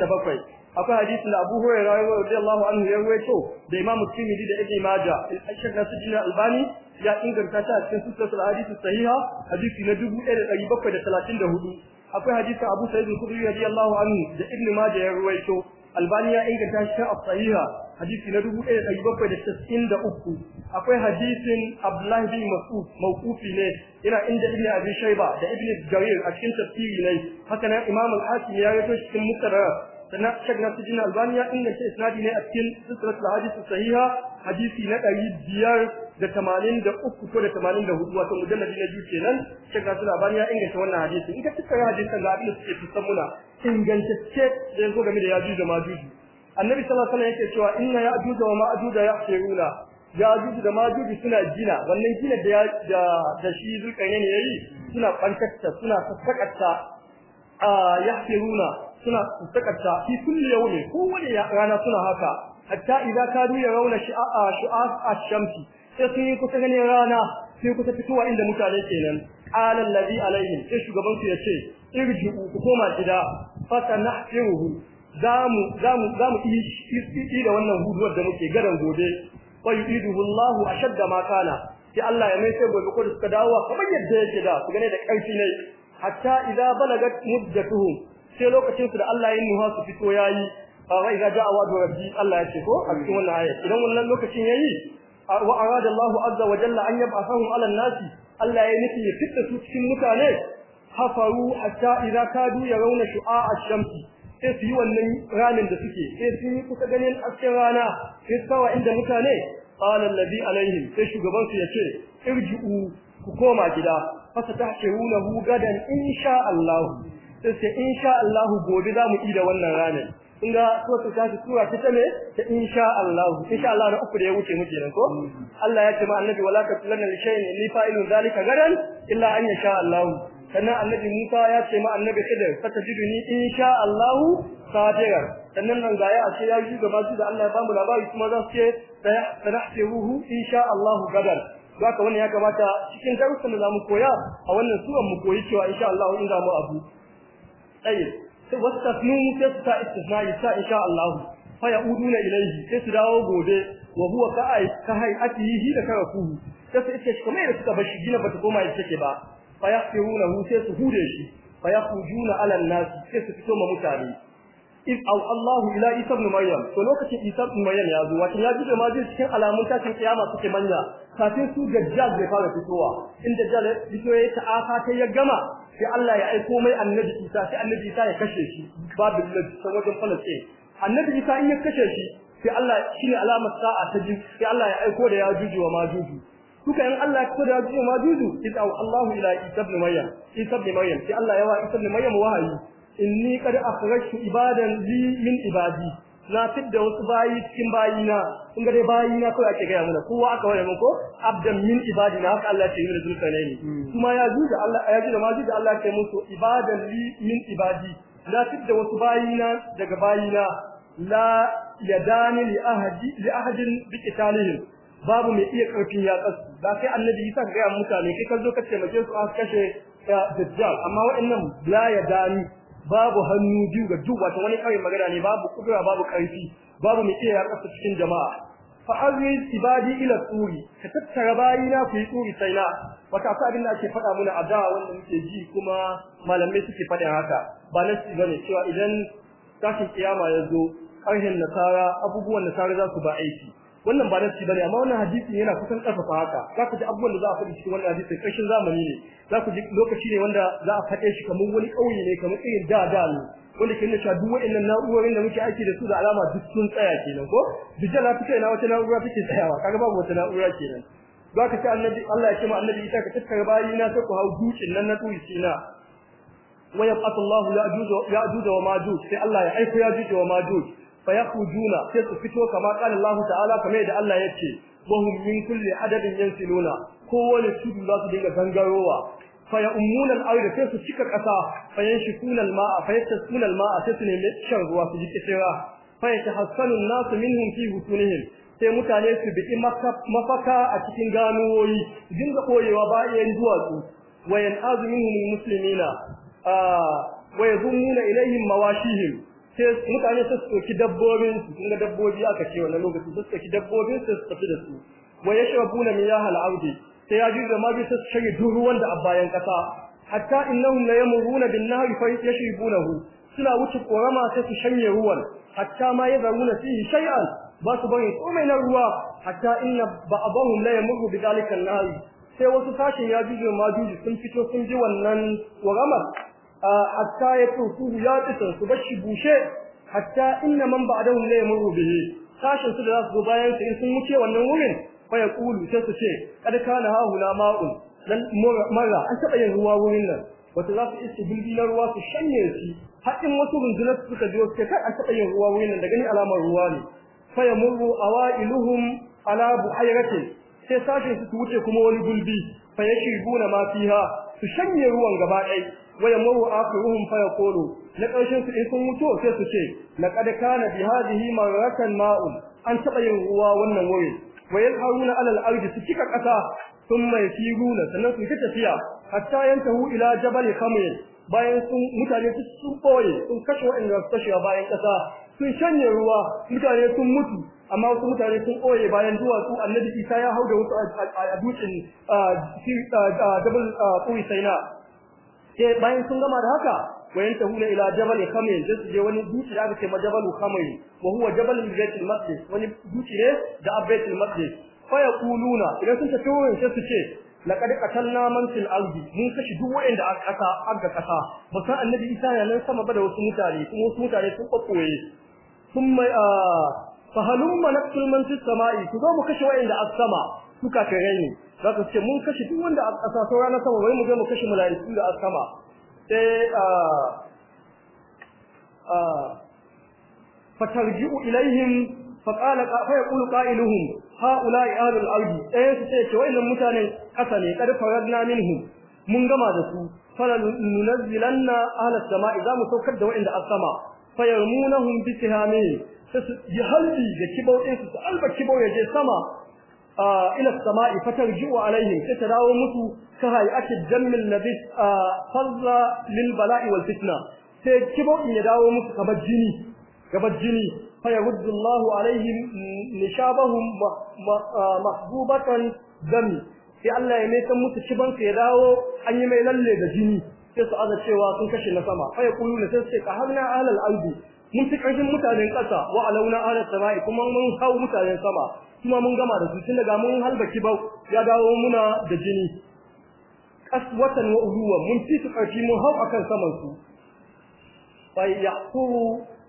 [SPEAKER 1] na bakwai. akwai hadisin da Abu Hurairah radiyallahu anhu ya rawaito da Imam Tirmidhi da Ibn Majah al-Shaykh Nasiruddin Albani ya inganta ta cikin sunan hadisi sahiha hadisi na 1734 akwai hadisin Abu Sa'id al-Khudri radiyallahu anhu da Ibn Majah ya rawaito Albani ya inganta shi a sahiha hadisi na 1793 akwai hadisin Abdullah bin Mas'ud mawqufi ne ina inda Ibn Abi Shayba da Ibn Jarir a cikin tafsiri ne haka nan Imam al-Hakim ya rawaito cikin Mustadrak sannan shek nasiruddin albani ya inganta isnadi ne a cikin silsilatul hadisi sahiha hadisi na ɗari biyar da tamanin da uku ko da tamanin da hudu wato mujalladi na biyu kenan shek nasiruddin albani ya inganta wannan hadisi in ka tukar hadisan da abin da suke fusan muna ingantacce da ya game da yajuj da majuji annabi sallallahu alaihi wasallam yake cewa inna yajuj wa majuj ya'tiruna yajuj da majuj suna gina wannan gina da da shi zulkarnain yayi suna kwantarta suna sassakata a yahtiruna suna takatta fi kulli yawmi kowane rana suna haka hatta idza kadu yarawna shi'a shi'a ash-shamsi sai sun yi kusa ganin rana sai kusa fitowa inda mutane kenan qala allazi alaihim sai shugaban su yace irji'u ku koma gida fatanahtiruhu zamu zamu zamu yi da wannan huduwar da muke gadan gobe wa yu'iduhu Allahu ashadda ma kana sai Allah ya mai sai gobe ko suka dawo kamar yadda yake da su gane da karfi ne hatta idza balagat muddatuhum sai lokacin su da Allah ya nuha su fito yayi fa wai ga ja'a wa'du rabbi Allah ya ce ko a cikin wannan aya idan wannan lokacin yayi wa arada Allah azza wa jalla an yab'athahum 'ala an-nasi Allah ya nufi ya fitta su cikin mutane hafaru hatta idza kadu yarawna shu'a ash-shamsi sai su yi wannan ranin da suke sai su yi kusa ganin asken rana sai su kawa inda mutane qala alladhi alaihim sai shugaban su yace irji'u ku koma gida fasa tahshirunahu gadan insha Allah sai insha Allah gobe za mu da wannan ranar inga so ta tashi tura ta ne ta insha Allah insha Allah da uku da ya wuce muke nan ko Allah ya ce ma annabi wala ka tulanna li shay'in li fa'ilu zalika gadan illa an yasha Allah sannan annabi Musa ya ce ma annabi jidu ni insha Allah sadira sannan nan ga ya a ce ya yi gaba su da Allah ya bamu labari kuma za su ce sanahtiruhu insha Allah gadan haka wannan ya kamata cikin darussan da zamu koya a wannan suran mu koyi cewa insha Allah in mu abu ɗaya sai wastafnu sai su sa istisna yasa insha Allah fa na ilayhi sai su dawo gobe wa huwa ka ai ka hai da karaku sai su iske kamar da suka bashi gina bata koma yadda take ba fa yaqiruna hu sai su hude shi fa na ala nas sai su fito ma mutane In aw Allah ila Isa ibn Maryam to lokacin Isa ibn Maryam ya zo wato ya ji da majin cikin alamun tashin kiyama suke manya kafin su dajjal bai fara fitowa in dajjal fito yayi ta kai ya gama sai Allah ya aiko mai annabi Isa sai annabi Isa ya kashe shi babu lafi ta wajen Palestine annabi Isa in ya kashe shi sai Allah shine alamar sa'a ta ji sai Allah ya aiko da yajuju wa majuju duka in Allah ya aiko da yajuju wa majuju idza Allahu ila Isa ibn Maryam Isa ibn Maryam sai Allah ya wa Isa ibn Maryam wahayi inni qad akhrajtu ibadan li min ibadi na fidda wasu bayi cikin bayina kun ga dai bayina kawai ake gaya mana kowa aka wani ko abdan min ibadina haka Allah ce yana zulka ne ni hmm. kuma ya ji da Allah ya ji da maji da Allah ce musu ibadan li min ibadi na fidda wasu bayina daga bayina la yadani li ahadi li ahadin bi qitalihim babu mai iya karfin yakas ba sai annabi Isa ga mutane kai kazo zo ka su a kashe da eh, dajjal amma wa'annan la yadani babu hannu biyu ga duk wata wani kai magana ne babu kudura babu karfi babu mai iya yakasa cikin jama'a fa azri ibadi ila turi ka tattara bayina ku yi turi sai na wata sa abin da ake faɗa muna a da wanda muke ji kuma malamai suke faɗa haka ba ba bane cewa idan tashin kiyama ya zo ƙarhin nasara abubuwan nasara za su ba aiki wannan ba nasi bane amma wannan hadisi yana kusan karfafa haka zaku ji abubuwan da za a faɗi cikin wannan hadisi kashin zamani ne za ji lokaci ne wanda za a faɗe shi kamar wani ƙauye ne kamar irin da da ne wanda kin nuna duk wa'annan na'urorin da muke aiki da su da alama duk sun tsaya kenan ko dijjala ta kai na wata na'ura take tsayawa kaga babu wata na'ura kenan zaka ka ce annabi Allah ya ce ma annabi isa ka tattara bayi na sai ku hau dukin nan na tuyi na wa yabqa Allah ya ajuj wa majuj sai Allah ya aiko ya wa majuj fayakhujuna sai su fito kama qala Allah ta'ala kamar yadda Allah yace wahum min kulli adadin yansiluna kowane tudu za su dinga gangarowa faya ummunan aure sai su cika kasa fayan shikunan ma'a fayataskunal ma'a sai su nemi shan ruwa su ji kishira fayatahassalun nasu minhum fi butunihim sai mutane su biki mafaka a cikin ganuwoyi dinga koyewa bayan duwatsu wayan azumin muslimina wa yazummuna ilaihim mawashihim sai mutane su soki dabbobin su kun dabbobi aka ce wannan lokacin su soki dabbobin su su tafi da su wa yashrabuna min yahal audi sai ya jira ma bi su shige duk wanda da abayan kasa hatta innahum la yamuruna bin nahri fa yashribunahu suna wuce korama sai su shanye ruwan hatta ma yazaruna fihi shay'an ba su bari komai na ruwa hatta inna ba'dahum la yamuru bi dalika an-nahri sai wasu sashen ya jira ma jiji sun fito sun ji wannan koramar hatta yakufu ya tsaya su bashi bushe hatta inna man ba'dahu la yamuru bihi sashin su da za su zo bayan su sun wuce wannan wurin fa yaqulu sai su ce kad kana haula ma'un dan mara an taba yin ruwa wurin nan wata za su iske na ruwa su shanye shi haɗin wasu rundunar suka biyo suke kai an taɓa yin ruwa wurin nan da gani alamar ruwa ne fa yamurru awailuhum ala buhayrati sai sashin su wuce kuma wani gulbi fa yashibuna ma fiha su shanye ruwan gaba ɗaya Wayan wa yamuru ruhun fara yaqulu na karshen su in sun mutu sai su ce laqad kana bi hadhihi marratan ma'un an taɓa yin ruwa wannan wuri wa yalharuna ala al-ardi su kika kasa thumma yafiruna sannan su ta tafiya hatta yantahu ila jabal khamr bayan mutane sun boye sun kashe wa'anda su bayan kasa sun shanye ruwa mutane sun mutu amma wasu mutane sun koye bayan duwatsu annabi isa ya hau da wasu a dutsen jabal sai bayan sun gama da haka wayan hula ila jabal khamil da su je wani dutse da aka ce majabal khamil wa huwa jabal baitul maqdis wani dutse ne da baitul maqdis fa yaquluna idan sun tafi wurin sai su ce laqad qatalna man fil ardi mun kashi duk da aka kasa aka kasa ba annabi isa ya nan sama ba da wasu mutane kuma wasu mutane sun kokoye kuma a ah, fa halumma naqtul man fis sama'i ku zo mu kashe da as sama suka kare ni za ka ce mun kashe duk wanda a ƙasa saura na sama wai mu je mu kashe mala'iku da a sama sai a fatarji'u ilaihim faqala fa yaqulu qailuhum haula'i ahlul ardi eh su ce ce wayannan mutanen ƙasa ne kad na minhum mun gama da su fala nunazzilanna ahla jama'i. za mu saukar da wayanda a sama fayarmunahum bi tihamin sai su yi halbi da kibau ɗinsu su alba kibau ya je sama ila samai fatarji'u alaihim sai ta dawo musu ka hayati jammil nabis fazza lil bala'i wal fitna sai kibo ya dawo musu kamar jini kamar jini fa yaruddu Allah alaihim nishabahum mahbubatan dami sai Allah ya mai musu kiban ya dawo an yi mai lalle da jini sai su aza cewa sun kashe na sama fa yaqulu la tasqa halna alal albi mun fi ƙarfin mutanen ƙasa wa alauna ala sama'i kuma mun hau mutanen sama kuma mun gama da su tun daga mun halbaki bau ya dawo muna da jini kaswatan wa uluwa mun fi su ƙarfi mun hau akan saman su fa yaqulu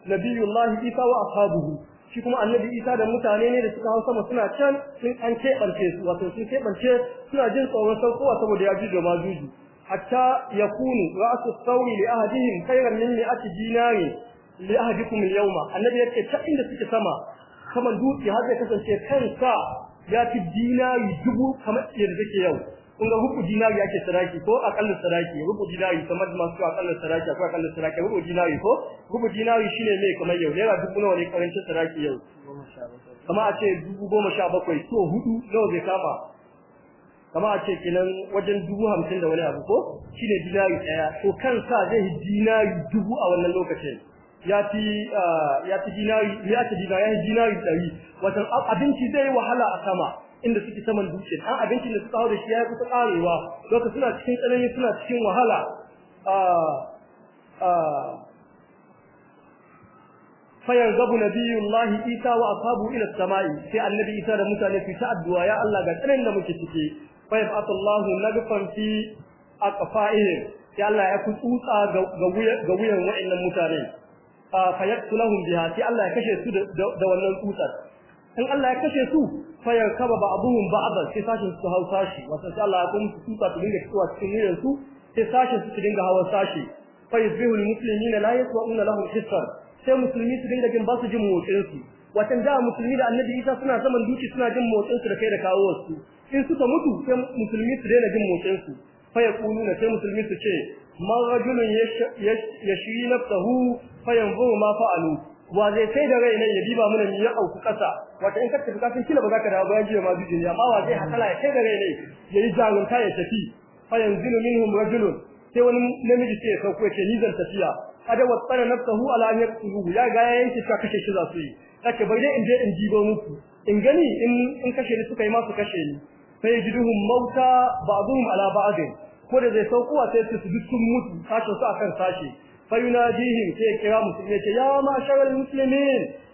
[SPEAKER 1] nabiyullah isa wa ashabuhu shi kuma annabi isa da mutane ne da suka hau sama suna can sun an keɓance su wato sun keɓance suna jin tsoron saukowa saboda ya ji da majuju hatta yakunu ra'su sauri li ahadihim khayran min mi'ati dinari li ahadikum al yawma annabi yace ta inda suke sama kaman dutse har zai kasance kanka ya fi dinari dubu kama yadda take yau kun ga rubu dinari yake saraki ko akalla saraki rubu dinari kamar masu akalla saraki ko akalla saraki rubu dinari ko rubu dinari shine mai kamar yau naira dubu nawa ne karancin saraki yau kama a ce dubu goma sha bakwai to hudu nawa zai kama kama a ce kenan wajen dubu hamsin da wani abu ko shine dinari daya to kansa zai dinari dubu a wannan lokacin ya fi ah, ya fi dinari ya ci dinari ya dari abinci zai wahala a sama inda suke saman dutse an abincin da suka hau da shi ya kusa karewa lokacin suna cikin tsanani suna cikin wahala ah, ah. biyu lahi isa wa ashabu ila samai sai annabi isa da mutane su ta addu'a ya Allah ga tsananin da muke ciki fayabatu Allahu nagfan fi aqfa'ihim sai Allah ya fi kutsa ga wuyan wa'annan mutane fayaqtulahum biha sai Allah ya kashe su da wannan tsutsar in Allah ya kashe su fayarkaba ba'dhum ba'd sai sashin su hau sashi wato sai Allah ya kuma tsutsa su dinga fitowa cikin niyyar su sai sashin su dinga hawa sashi fa yusbihu almuslimina la yaswa'una lahum hisar sai musulmi su dinga jin ba su jin motsin su watan da musulmi da annabi Isa suna zaman duki suna jin motsin su da kai da kawo su in suka mutu sai musulmi su daina jin motsin su fa yaquluna sai musulmi su ce man rajulun yashi nafsahu fa yanzu ma fa'alu wa zai sai da rai ne ya diba mana ya auku kasa wato in ka tafi kila ba za ka dawo bayan jiya ma zuciya ne amma wa zai hasala ya sai da rai ne ya yi ta ya tafi fa yanzilu minhum rajulun sai wani namiji sai ya sauko ya ce ni zan tafiya ada wa tsara nafsahu ala an yaqtuluhu ya ga yayin ki ka kashe shi za su yi kace bai dai in je in ji jibo muku in gani in in kashe ni suka yi ma su kashe ni sai jiduhum mauta ba'dhum ala ba'd ko da zai saukowa sai su duk mutu, mutu kashe su akan sashe fa yunadihim sai kira musulmi ya ce ya ma'asharal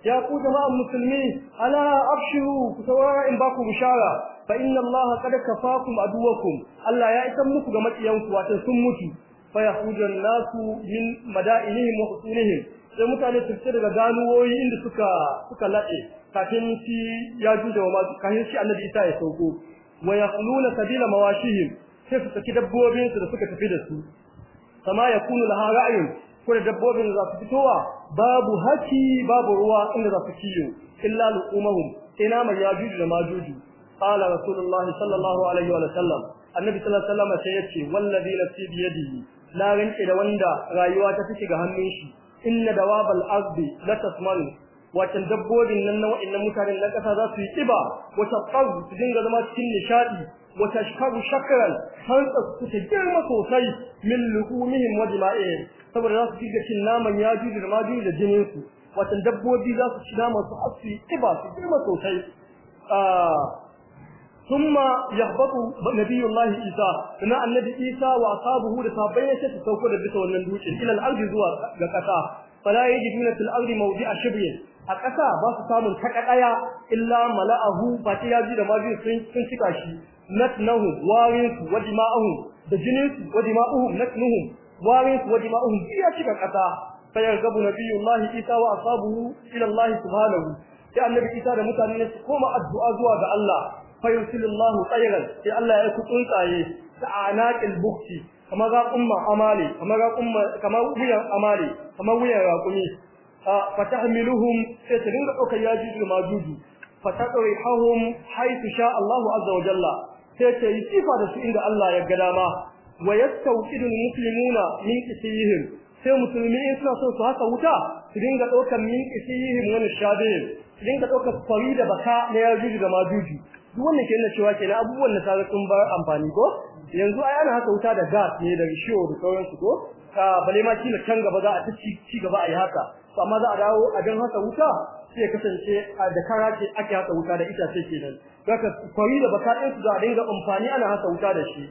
[SPEAKER 1] ya ku jama'an musulmi Ana abshiru ku saurara in baku bishara fa inna allaha qad kafakum aduwakum Allah ya isa muku ga makiyanku wato sun mutu fa yahujan nasu min madainihim wa husunihim sai mutane su fita daga ganuwoyi inda suka suka lade kafin shi ya juda wa kafin shi annabi Isa ya sauko wa yaquluna sabila mawashihim sai su saki dabbobin da suka tafi da su kama yakunu laha ra'yun ko da dabbobin za su fitowa babu haki babu ruwa inda za su kiyo illa lu'umahum ina ma yajuju da majuju qala rasulullah sallallahu alaihi wa sallam annabi sallallahu alaihi wa sallam sai yace wallazi nafsi bi yadihi la rinke da wanda rayuwa ta fice ga hannun shi inna dawabal ardi la tasmanu watan dabbobin nan na wa'annan mutanen nan kasa za su yi kiba wata qaz su dinga zama cikin nishadi wa tashkabu shakran hanta su girma sosai min luqumihim wa dima'ihim saboda za su dinga cin naman yaji da maji da jinin su watan dabbobi za su ci naman su asu kiba su girma sosai ثم يهبط نبي الله عيسى ان النبي عيسى واصحابه لصابين da لبس wannan dutsen ila al zuwa ga kasa fala yajiduna fil ardi mawdi'a shibr a ƙasa ba su samun takakaya illa mala'ahu ba ta yaji da maji sun sun cika shi natnahum warinsu wa dima'uhum da jininsu wa dima'uhum natnuhum warinsu wa dima'uhum ya cika kasa sai ya gabu nabiyullahi isa wa asabuhu ila Allah subhanahu sai annabi isa da mutane ne su koma addu'a zuwa ga Allah fa yusillahu khairan sai Allah ya ku tsuntsaye ta anaqil bukti kamar ga umma amali kamar ga wuyan amali kamar wuyan raƙumi fa tahmiluhum sai su dinga ɗaukar yaji da majuju fa tadrihum haythu sha Allahu azza sai yi sifa da su inda Allah ya ga dama wa yastawqidu muslimuna min qisihim sai musulmi in suna so su haka wuta su dinga daukar min qisihim wani shabe su dinga daukar fari da baka na yajuju da majuju duk wannan ke nuna cewa kenan abubuwan da kaga sun bar amfani ko yanzu ai ana haka wuta da gas ne da shiwo da su ko ah, bale ma kila can gaba za a ci gaba a yi haka amma za a dawo a dan haka wuta sai kasance da kara ce ake hasa wuta da itace kenan daga kwari da bakaɗin su za a dinga amfani ana hasa wuta da shi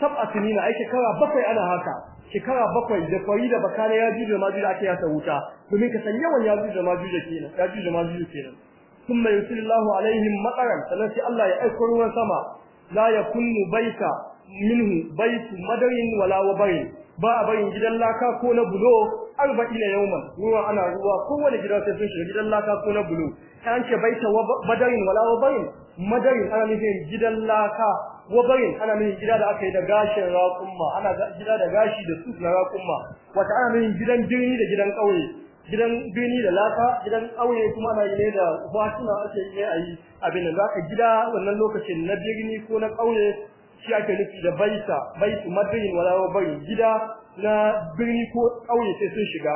[SPEAKER 1] sab'a sinina ai shekara bakwai ana haka shekara bakwai da kwari da bakana ya ji ma juje ake hasa wuta domin ka san yawan ya ji ma juje kenan ya juje ma juje kenan thumma yusillahu alaihim mataran sannan sai Allah ya aika ruwan sama la yakunu baita minhu baitu madarin wala wabarin ba a bayin gidan laka ko na bulo arba'ina yawman ruwa ana ruwa kowanne gidan sai sun shiga gidan laka ko na bulu kan ce baita badarin wala wabarin madarin ana nufin gidan laka wabarin ana nufin gida da aka yi da gashin raƙumma ana gida da gashi da su na raƙumma wata ana nufin gidan birni da gidan ƙauye gidan birni da laka gidan ƙauye kuma ana yi ne da basuna ake yi a yi abin da zaka gida wannan lokacin na birni ko na ƙauye shi ake nufi da baita baitu madarin wala wabarin gida na birni ko kauye sai sun shiga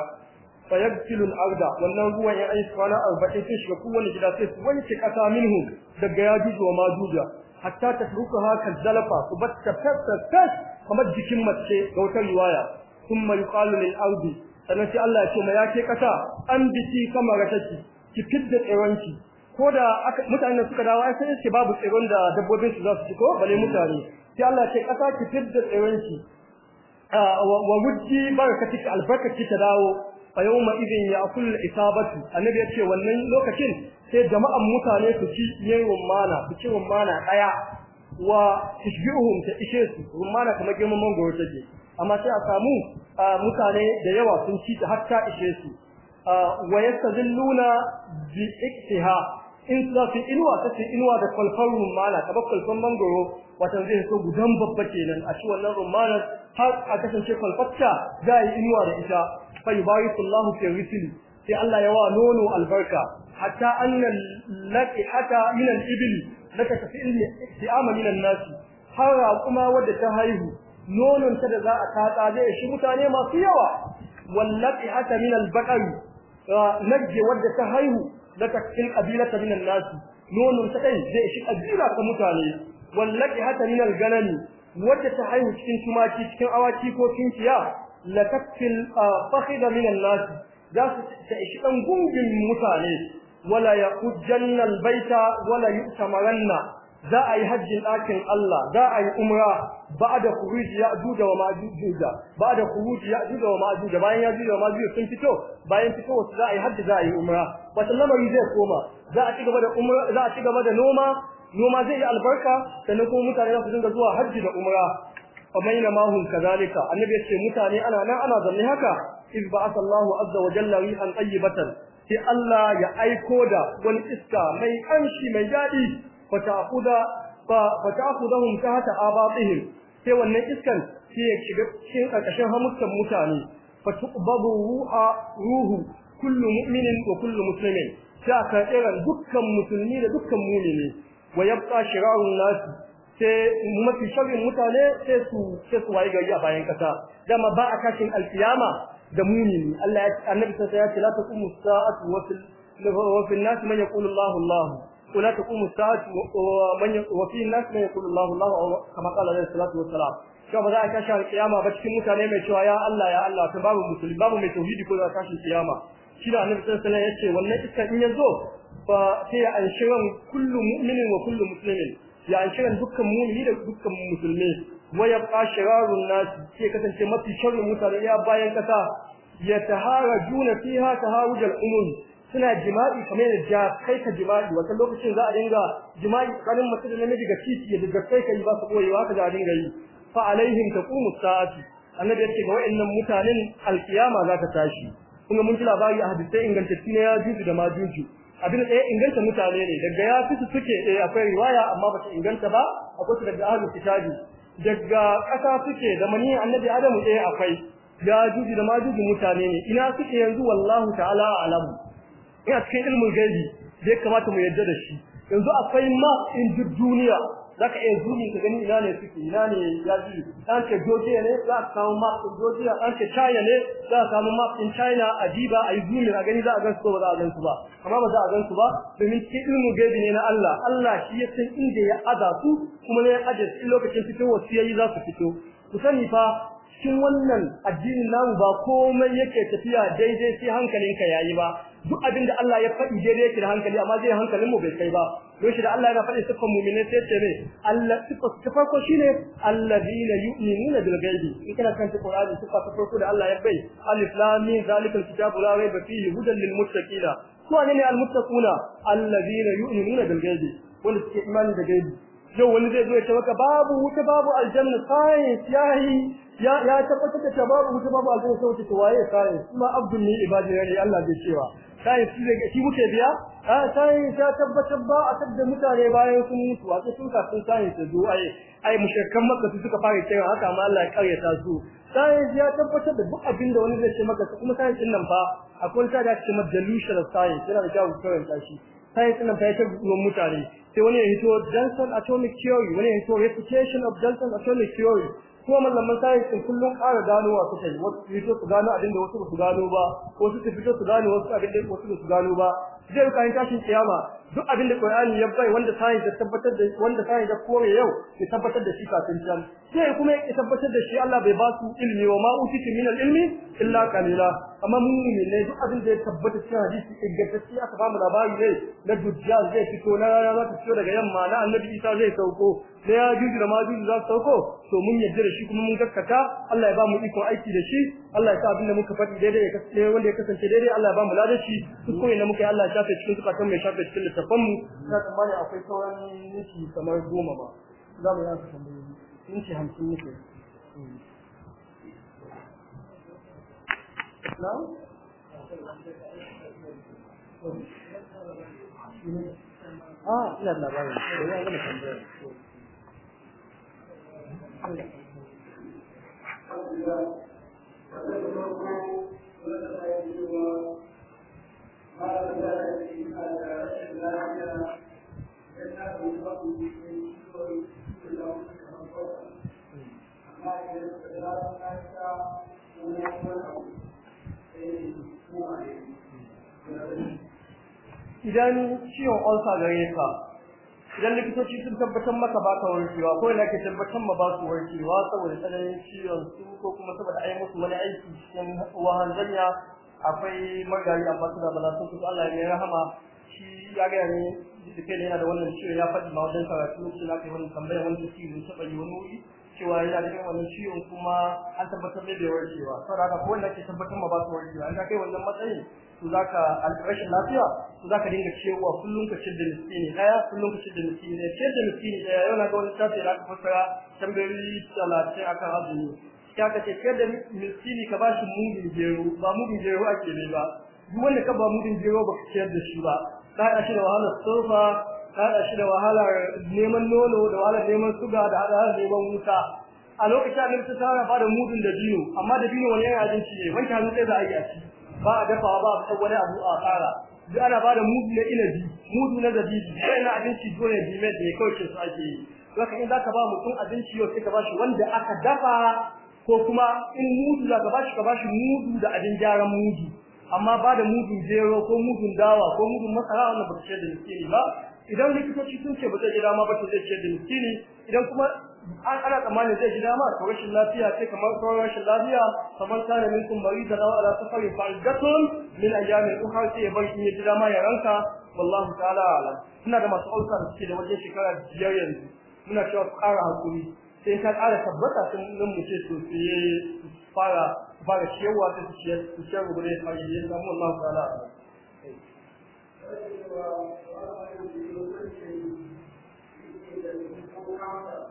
[SPEAKER 1] fayabtilu al-arda wannan ruwan ya ayi kwana 40 sai shiga kowane gida sai su wanke kasa minhu daga yaji wa majuja hatta tasrukaha kazalafa kubatta fasatas kamar jikin mace ga wata riwaya kuma yuqalu lil ardi sannan sai Allah ya ce ma yake kasa an biki kamar rataki ki fidda tsayanki ko da mutane suka dawo ai sai ce babu tsaron da dabbobin su za su ci ko bale mutane sai Allah ya ce kasa ki fidda tsayanki wa wujji barakatika albarkatika ta dawo a yau idin ya kulle isabatu annabi ya ce wannan lokacin sai jama'an mutane su ci yin rumana su ci rumana daya wa tishbihuhum ta ishe su rumana kamar girman mangoro take amma sai a samu mutane da yawa sun ci ta hatta ishe su wa yastazilluna bi iktiha in su inuwa ta ce inuwa da kwalfar rumana kamar kwalfar mangoro watan zai so gudan babba kenan a ci wannan rumanar har a kasance kwalfatta za a yi inuwa da ita fa yubarikullahu fi risli sai Allah ya wa nono albarka hatta annal laqi hatta min al-ibli laka fi ilmi i'ama min an-nas har kuma wadda ta haihu nonon ta da za a tsatsa zai shi mutane masu yawa wallaqi hatta min al-baqari najje wadda ta haihu laka tafi qabilata min an-nas nonon ta kai zai shi qabila ta mutane wallaki hata min ganani ganami wacce ta haihu cikin tumaki cikin awaki ko kinciya la takfil ah, fakhida min an-nas za su ta ishi dan gungun mutane wala yaqujjanna al-baita wala yutamaranna za a yi hajjin ɗakin Allah za a yi umra ba'da khuruj ya'juj wa ma'juj ba'da khuruj ya'juj wa ma'juj bayan ya ya'juj wa ma'juj sun fito bayan fito za a yi hajji za a yi umra wata lamari zai koma za a ci gaba da umra za a ci gaba da noma noma zai yi albarka sannan kuma mutane za su dinga zuwa hajji da umra famaina mahum kazalika annabi yace mutane ana nan ana zanne haka iz ba'atha Allahu azza wa jalla rihan tayyibatan sai Allah ya aiko da wani iska mai kanshi mai dadi fa ta'quda fa ta'quduhum tahta abatihim sai wannan iskan sai ya shiga cikin karkashin hamukan mutane fa tuqbadu ruha ruhu kullu mu'minin wa kullu muslimin sai ka dukkan musulmi da dukkan mu'mini wa yabqa shirarun nas sai mafi sharrin mutane sai su sai su wayi gari a bayan kasa dama ba a kashin alkiyama da mumini Allah annabi sai ya ce la taqumu sa'atu wa fil wa fil nas man yaqulu Allahu Allahu ولا تقوم الساعة وفي الناس من يقول الله الله كما قال عليه الصلاة والسلام cewa ba za a tashi alkiyama ba cikin mutane mai cewa ya Allah ya Allah to babu musulmi babu mai tauhidi ko za a tashi kiyama shi annabi sallallahu ya ce wannan iska in yazo fa sai ya anshiran kullu mu'minin wa kullu muslimin ya anshiran dukkan mu'mini da dukkan musulmi wa yabqa shirarun nas sai kasance mafi sharrin mutane ya bayan kasa ya tahara taharajuna fiha taharujal umum suna jima'i kamar da ja kai ka jima'i wata lokacin za a dinga jima'i tsakanin mace da namiji ga titi ya daga kai kai ba su koyewa ka da dinga yi fa alaihim taqumu sa'ati annabi yace ga wa'annan mutanen alkiyama za ta tashi kuma mun ji labari a hadisai ingantattu ne ya juju da majuji. abin da ya inganta mutane ne daga ya fi su suke eh akwai riwaya amma ba ta inganta ba akwai su daga ahlul kitabi daga ƙasa suke da mani annabi adamu eh akwai ya juji da majuji mutane ne ina suke yanzu wallahu ta'ala alamu ina cikin ilmin gaji da kamata mu yarda da shi yanzu akwai ma in duniya zaka iya zuni ka gani ina ne suke ina ne ya ji an ce Georgia ne za ka samu map ɗin Georgia an ce China ne za ka samu map din China a diba a yi zuni a gani za a gan su ba za a gan su ba amma ba za a gan su ba domin ke ilmu gaibi ne na Allah Allah shi ya san inda ya ada su kuma ne ya aje su lokacin fitowar su yayi za su fito ku sani fa cikin wannan addinin namu ba komai yake tafiya daidai sai hankalinka yayi ba duk abin da Allah ya faɗi daidai yake da hankali amma zai hankalin mu bai kai ba don shi da Allah yana faɗi sifan mu'mini sai ce ne Allah sifa ta farko shine alladina yu'minuna bil ghaibi in kana kan Qur'ani sifa ta farko da Allah ya bai alif lam mim zalikal kitabu la rayba fihi hudan lil muttaqina ko ne al muttaquna alladina yu'minuna bil ghaibi wanda suke imani da gaibi yau wani zai zo ya ce maka babu wuta babu aljanna science yayi ya ya tabbatar da babu wuta babu aljanna sai wuta to waye science kuma abdul ni ibadi ne Allah bai cewa ga shi muke biya a sai ta tabbatar ba a tabbatar mutane bayan sun mutu a cikin kafin sai ta zo ai ai mushakkan maka su suka fara cewa haka ma Allah ya ta su sai ya tabbatar da duk abin da wani zai ce maka kuma sai din nan fa akwai ta da cewa ma of science yana da kyau karanta shi sai din nan fa ya tabbatar mutane sai wani ya hito Johnson atomic theory wani ya hito Reputation of Johnson atomic theory kuma mallaman science din kullun ƙara ganowa suka yi wasu su gano da wasu su gano ba wasu su fito su gano wasu da wasu su gano ba zai ruka yin tashin kiyama duk abin da Qur'ani ya bai wanda sai da tabbatar da wanda sai da kore yau ya tabbatar da shi kafin can sai kuma ya tabbatar da shi Allah bai ba su ilmi wa ma utitu min ilmi illa qalila amma yi ne duk abin da ya tabbata cikin hadisi ingantacce aka ba mu labari ne na dujjal zai fito na rana za ta fito daga yamma na annabi Isa zai sauko da ya juju da majuju za su sauko to mun yarda da shi kuma mun gaskata Allah ya ba mu iko aiki da shi Allah ya sa abinda muka faɗi daidai ya kasance wanda ya kasance daidai Allah ya ba mu ladashi kuskure da muka yi Allah ya shafe cikin zukatan mai shafe cikin littafan mu na tsammani akwai sauran minti kamar goma ba za mu yi aka tambayi minti hamsin nake
[SPEAKER 3] na? Ah, ina da labarin, da ya gama tambayar. Thank you.
[SPEAKER 1] idan ciwon ulcer gare ka idan likitoci sun tabbatar maka ba ka warkewa ko ina ke tabbatar ma ba su warkewa saboda tsananin ciwon su ko kuma saboda yi musu wani aiki cikin zanya akwai magari amma suna bala sun su Allah ya rahama shi ya ga ne da kai yana da wannan ciwon ya faɗi ma wajen karatu lokacin da kai wani tambaya wani ciwon ta bayi wani wuri cewa yana da wannan ciwon kuma an tabbatar da bai warkewa saboda haka ko ina ke tabbatar ma ba su warkewa an kai wannan matsayin to zaka rashin lafiya to ka dinga cewa kullum ka cin da miskini daya kullum ka cin da miskini daya cin da miskini daya yau na ga wani tafi da aka fassara tambayoyi talatin akan azumi ya ka ce kada miskini ka bashi mudin gero ba mudin gero ake ne ba duk wanda ka ba mudin gero ba ka ciyar da shi ba ka haɗa shi da wahalar sofa, ka haɗa shi da wahalar neman nono da wahalar neman suga da haɗa neman wuta a lokacin da ta fara da mudin da dino amma da dino wani yana abinci ne wanke hannu sai za a yi a ciki ba a dafawa ba a wani abu a tsara duk ana ba da mudu na inabi mudu na zabibi sai na abinci doya bi mai da kawai su ake yi haka in zaka ba mutum abinci yau sai ka bashi wanda aka dafa ko kuma in mudu zaka bashi ka bashi mudu da abin gyaran mudu amma ba da mudun jero ko mudun dawa ko mudun masara wanda ba ta ce da miskini ba idan likitoci sun ce ba zai gida ma ba ta zai ce da miskini idan kuma an ana tsammanin zai shiga ma to rashin lafiya sai kamar sauran rashin lafiya kamar kana minkum marida law ala safari fa iddatun min ayyamin ukhra sai bar shi ya dama ya ranka wallahi ta'ala alam ina da masu ulsa da suke da wajen shekara biyar yanzu muna cewa ƙara hakuri sai ka ƙara tabbata sun nan mu ce to sai fara fara shewa ta ciyar ciyar gobe ne fara yin samu wallahi ta'ala alam
[SPEAKER 3] Thank you.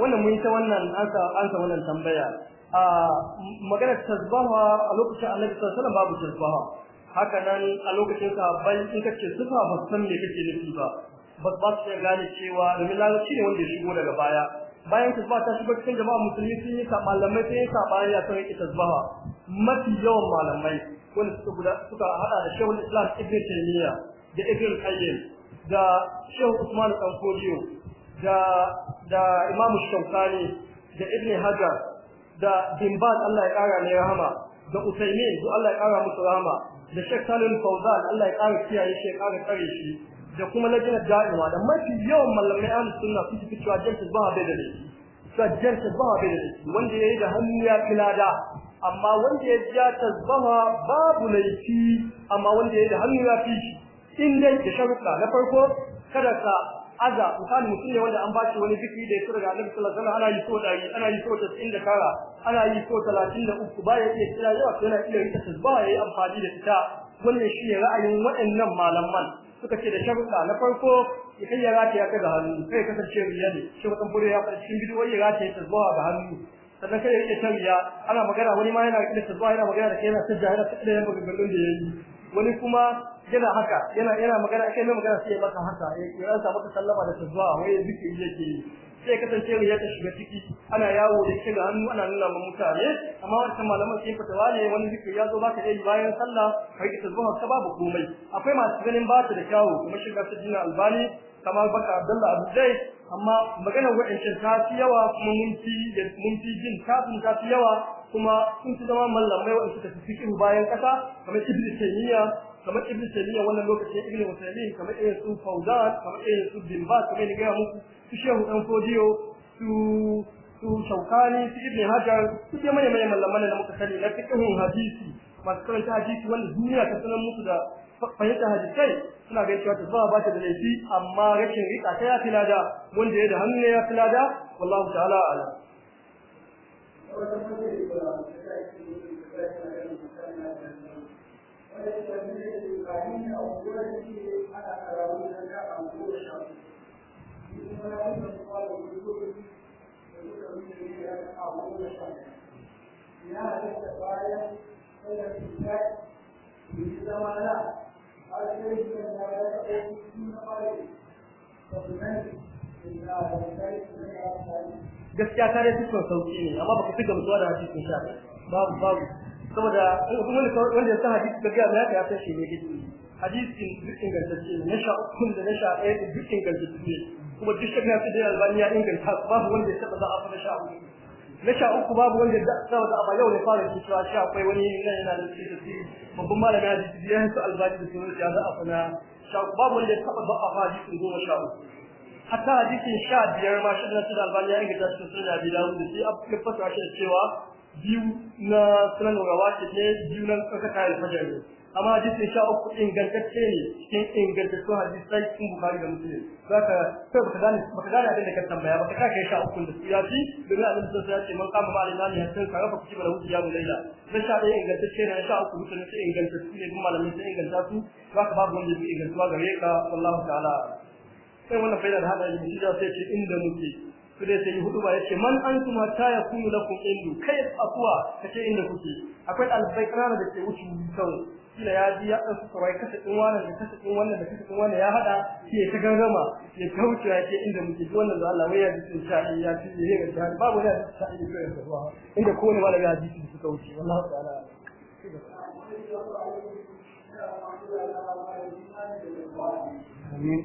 [SPEAKER 1] wannan mun ta wannan ansa wannan tambaya a magana tasbaha a lokacin Annabi sallallahu alaihi babu tasbaha haka nan a lokacin ban in kace sufa ba san me kake nufi ba ba ba su gane cewa domin shi ne wanda ya shigo daga baya bayan tasbaha ta shigo cikin jama'a musulmi sun yi malamai sun yi sabani akan tasbaha mafi yawan malamai wanda suka guda suka hada da Shaykhul Islam Ibn Taymiyyah da Ibn Qayyim da shehu usman dan da da imamu shaukani da ibn hajar da dimban Allah ya kara ne rahama da usaimin duk Allah ya kara musu rahama da shek salim fauzan Allah ya kara kiyaye shi ya kara kare shi da kuma lajinar daiwa da mafi yawan malamai ahlus sunna su fi cewa jinsu ba bai da laifi sajjar tasbaha bai da laifi wanda yayi da hannu ya lada amma wanda ya ja tasbaha babu laifi amma wanda yayi da hannu ya fi shi in dai da sharuɗa na farko kada ka aza misali mutum ne wanda an bashi wani zikiri da ya tura ga Annabi sallallahu alaihi wasallam ana yi so dari ana yi so 99 ana yi so 33 ba ya iya kira yawa yana iya yi tasbih ya yi amfani da ita wannan shi ra'ayin waɗannan malaman suka ce da sharuɗa na farko idan ya rata ya kaga hannu sai kasance riya ne shi wata ya fara cikin bidiyo ya rata ya tasbih hannu sannan kai ya ta riya ana magana wani ma yana kira tasbih yana magana da kai yana sajjada yana kira yan da yayi wani kuma yana haka yana yana magana kai mai magana sai ya baka haka ya ransa maka sallama da tazwa wai zikiri yake yi sai kasance ya ta shiga ciki ana yawo da shi ga hannu ana nuna ma mutane amma wannan malaman sai fatawa ne wani zikiri ya zo baka yi bayan sallah kai ta zuwa ka babu komai akwai masu ganin ba ta da kyawu kuma shiga ta dina albani kamar baka abdullahi abu zai amma maganar wa'ancin ta fi yawa kuma mun fi jin kafin ta fi yawa kuma sun fi zama mallamai wa'ancin ta fi fikihu bayan kasa kamar ibnu taymiya kamar ibn taymiya wannan lokacin ibn usaymin kamar irin su fawzan kamar irin su bin bas kamar ne ga muku su shehu dan fodiyo su su shaukani su ibn hajar su dai mai mai malaman da muka sani na fiqhun hadisi masu karanta hadisi wanda duniya ta sanar musu da fahimta hadisai suna ganin cewa ba ba ta da laifi amma rashin rika ta ya filada wanda ya da hannu ne ya filada wallahu ta'ala ala
[SPEAKER 3] Thank you.
[SPEAKER 1] gaskiya kare su sun sauki ne amma ba ku fi gamsuwa da hajji sun sha saboda wanda ya san hadisi ga gaba ya san shi ne hadisi hadisin duk ingantacce ne sha ukun da sha ɗaya da duk ingantacce ne kuma duk shakka ta da albani ya inganta babu wanda ya taba za a fara sha uku na sha uku babu wanda ya taba za a ba yau ne fara shi cewa shi akwai wani nan yana da shi da shi babban malami ya ji ya su albani da sunan ya za a fara sha uku babu wanda ya taba za a fara hadisin goma sha uku hatta hadisin sha biyar ma shi na su albani ya inganta shi sunan ya bi da shi ya fasa shi da cewa biyu na sunan rawashi ne biyu na tsakaka alfajar ne amma hadisin sha uku ingantacce ne cikin ingantaccen sai cikin bukari da musulmi za ka kai baka gane baka gane abin da ka tambaya baka ka kai sha uku da su ya fi domin abin da sai ya ce man kama ma alimani ya san sarrafa kuci da wuce ya mu laila na sha ɗaya ingantacce ne sha uku mutane sai ingantacce ne kuma malamai sai inganta su za ka babu wanda ya fi ingantuwa gare ka wallahu ta'ala sai wannan faidar hada ilimi shi da sai ce inda muke sai sai hudu ba yace man antum hatta yakunu lakum indu kai afwa kace inda kuke akwai albaikran da ke wuce kawai kila ya ji ya dauki kawai kace din wannan da kace din wannan da kace din wannan ya hada ke ta gangama ya kauce ya ce inda muke ji wannan da Allah wai ya ji sun sha ya ji ya ga babu ne sha ne sai ya zuwa inda kowane malami ya ji sun suka wallahi
[SPEAKER 3] ta'ala Amin.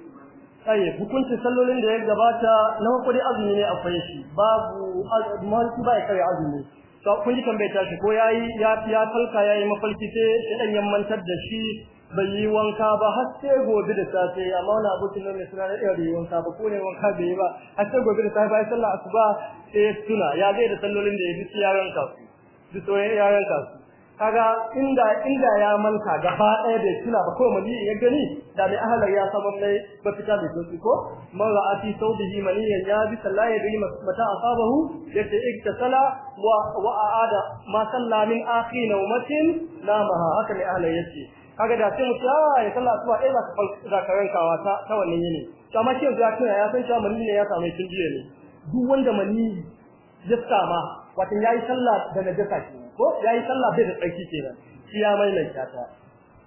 [SPEAKER 1] Aye, hukuncin sallolin da ya gabata na hukuri azumi ne akwai shi babu maliki ba ya kare azumi to kun yi tambaye ta shi ko yayi ya ya yi yayi mafalki sai shi dan yammantar da shi bai yi wanka ba har sai gobe da safe amma wani abokin nan suna da yi wanka ba ko ne wanka bai yi ba har sai gobe da safe bai sallah asuba sai tuna ya zai da sallolin da ya bi yaran kasu duk yaran kasu kaga inda inda ya manta gaba ɗaya da kila ba ko mali ya gani da mai ahalar ya samu mai mafita da su ko man ra'ati saubihi mali ya bi sallah ya bi mata asabahu yadda iktasala wa wa aada ma salla min akhi nawmatin namaha haka mai ahalar yace kaga da sai mutum ah, ya sallah eh, su ɗaya za ka da ka kawa ta ta wannan yini to amma shi yanzu ya ya san cewa mali ne ya samu tun jiya ne duk wanda mali ya sama wato yayi sallah da najasa shi ko yayi sallah bai da tsarki nan shi ya maimaita ta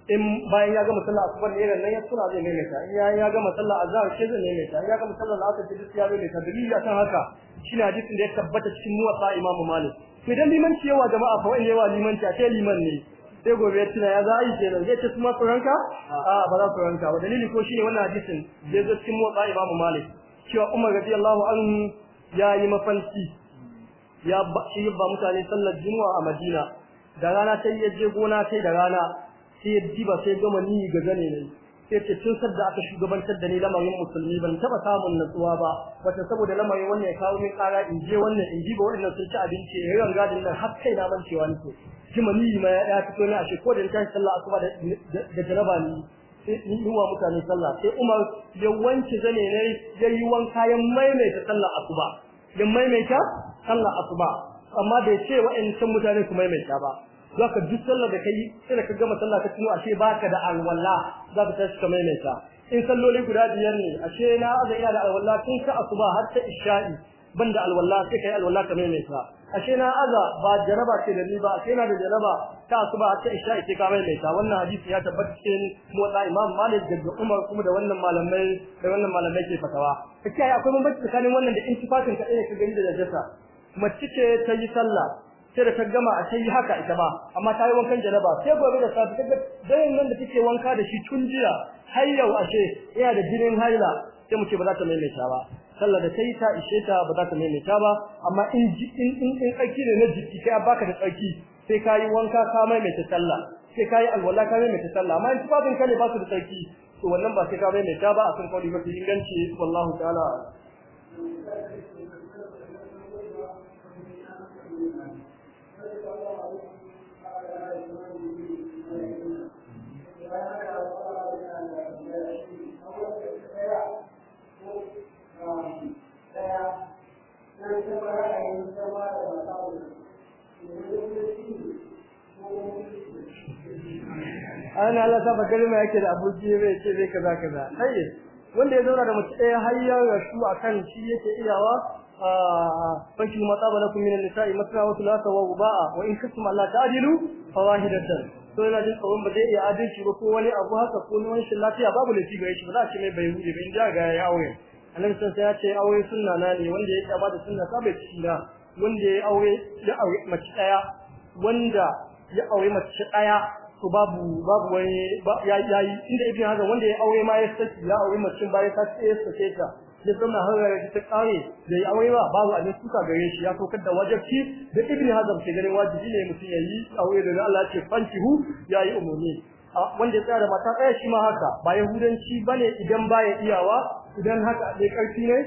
[SPEAKER 1] in bayan ya gama sallah asubar ne ran nan ya tuna zai maimaita in ya ya gama sallah azhar shi zai maimaita ya gama sallah asar shi ya maimaita dalili akan haka shi na hadisin da ya tabbata cikin muwatta imamu malik idan limanci yawa jama'a fa wanda yawa limanci a ce liman ne sai gobe ya tuna ya za a yi kenan zai ce kuma tsoronka a ba za tsoronka ba dalili ko shi ne wannan hadisin da ya zo cikin muwatta imamu malik cewa umar radiyallahu anhu ya yi mafarki ya shi ba mutane sallar juma'a a Madina da rana sai ya je gona sai da rana sai ya diba sai gama ni ga gane ne sai ce tun sadda aka shugabantar da ni lamarin musulmi ban taba samun natsuwa ba wata saboda lamarin wannan ya kawo min kara in je wannan in diba wannan sun ci abinci ya ranga gadin nan har kai na ban cewa ko jima ni ma ya fito ne a shi ko da tashi sallah asuba da da jaraba ni sai yi wa mutane sallah sai Umar ya wanke zane ne ya yi wanka ya maimaita sallah asuba din maimaita sallar asuba amma bai ce wa'ancan mutane su maimaita ba za ka duk sallar da kai sai ka gama sallar ka tuno ashe baka da alwala za tashi ka maimaita in salloli guda biyar ne ashe na azai ina da alwala tun ka asuba har ta isha'i banda alwala sai kai alwala ka mai sa ashe na aza ba janaba ce da ni ba ashe na da janaba ta ba ta isha ce ka mai sa wannan hadisi ya tabbata cikin motsa imam malik da umar kuma da wannan malamai da wannan malamai ke fatawa kai akwai bambanci tsakanin wannan da intifatin ka ɗaya ka gani da najasa mace ce ta yi sallah sai da ta gama a sai haka ita ba amma ta yi wankan jaraba sai gobe da safi daga dayan nan da take wanka da shi tun jiya har yau ashe yana da jinin haila sai mu ce ba za ta maimaita ba sallar da kai ta ishe ta ba za ta maimaita ba amma in in in tsaki ne na jiki kai baka da tsaki sai kai wanka ka maimaita sallah sai kai alwala ka maimaita sallah amma in ba din ne ba su da tsaki to wannan ba sai ka maimaita ba a kan kauli mafi inganci wallahu ta'ala
[SPEAKER 3] na ta ra'ayin zama da
[SPEAKER 1] an kalma yake da abuji mai ce zai kaza kaza sai wanda ya zauna da mace ɗaya har ya rasu akan shi yake iyawa a fanki matsaba lakum al nisa'i masna wa thalatha wa ruba'a wa in kuntum alla ta'dilu wahidatan to yana jin tsoron ba zai iya adalci ba ko wani abu haka ko wani shi lafiya babu lafiya gare shi ba za a ce mai bai hude ba in ja ga ya aure annabi sun ya ce aure sunna na ne wanda ya kaba da sunna ta bai na wanda ya aure ya aure mace daya wanda ya aure mace daya to babu babu wani ya yayi inda ibn hazan wanda ya aure ma ya saki ya aure mace ba ya saki ya sake ta ne sunna har ta kare da ya aure ba babu abin suka gare shi ya tokar da wajibi da ibn hazan ke gare wajibi ne mutum ya yi aure da Allah ya ce fankihu yayi umumi wanda ya tsaya da mata ɗaya shi ma haka ba yahudanci bane idan baya iyawa idan haka dai karfi ne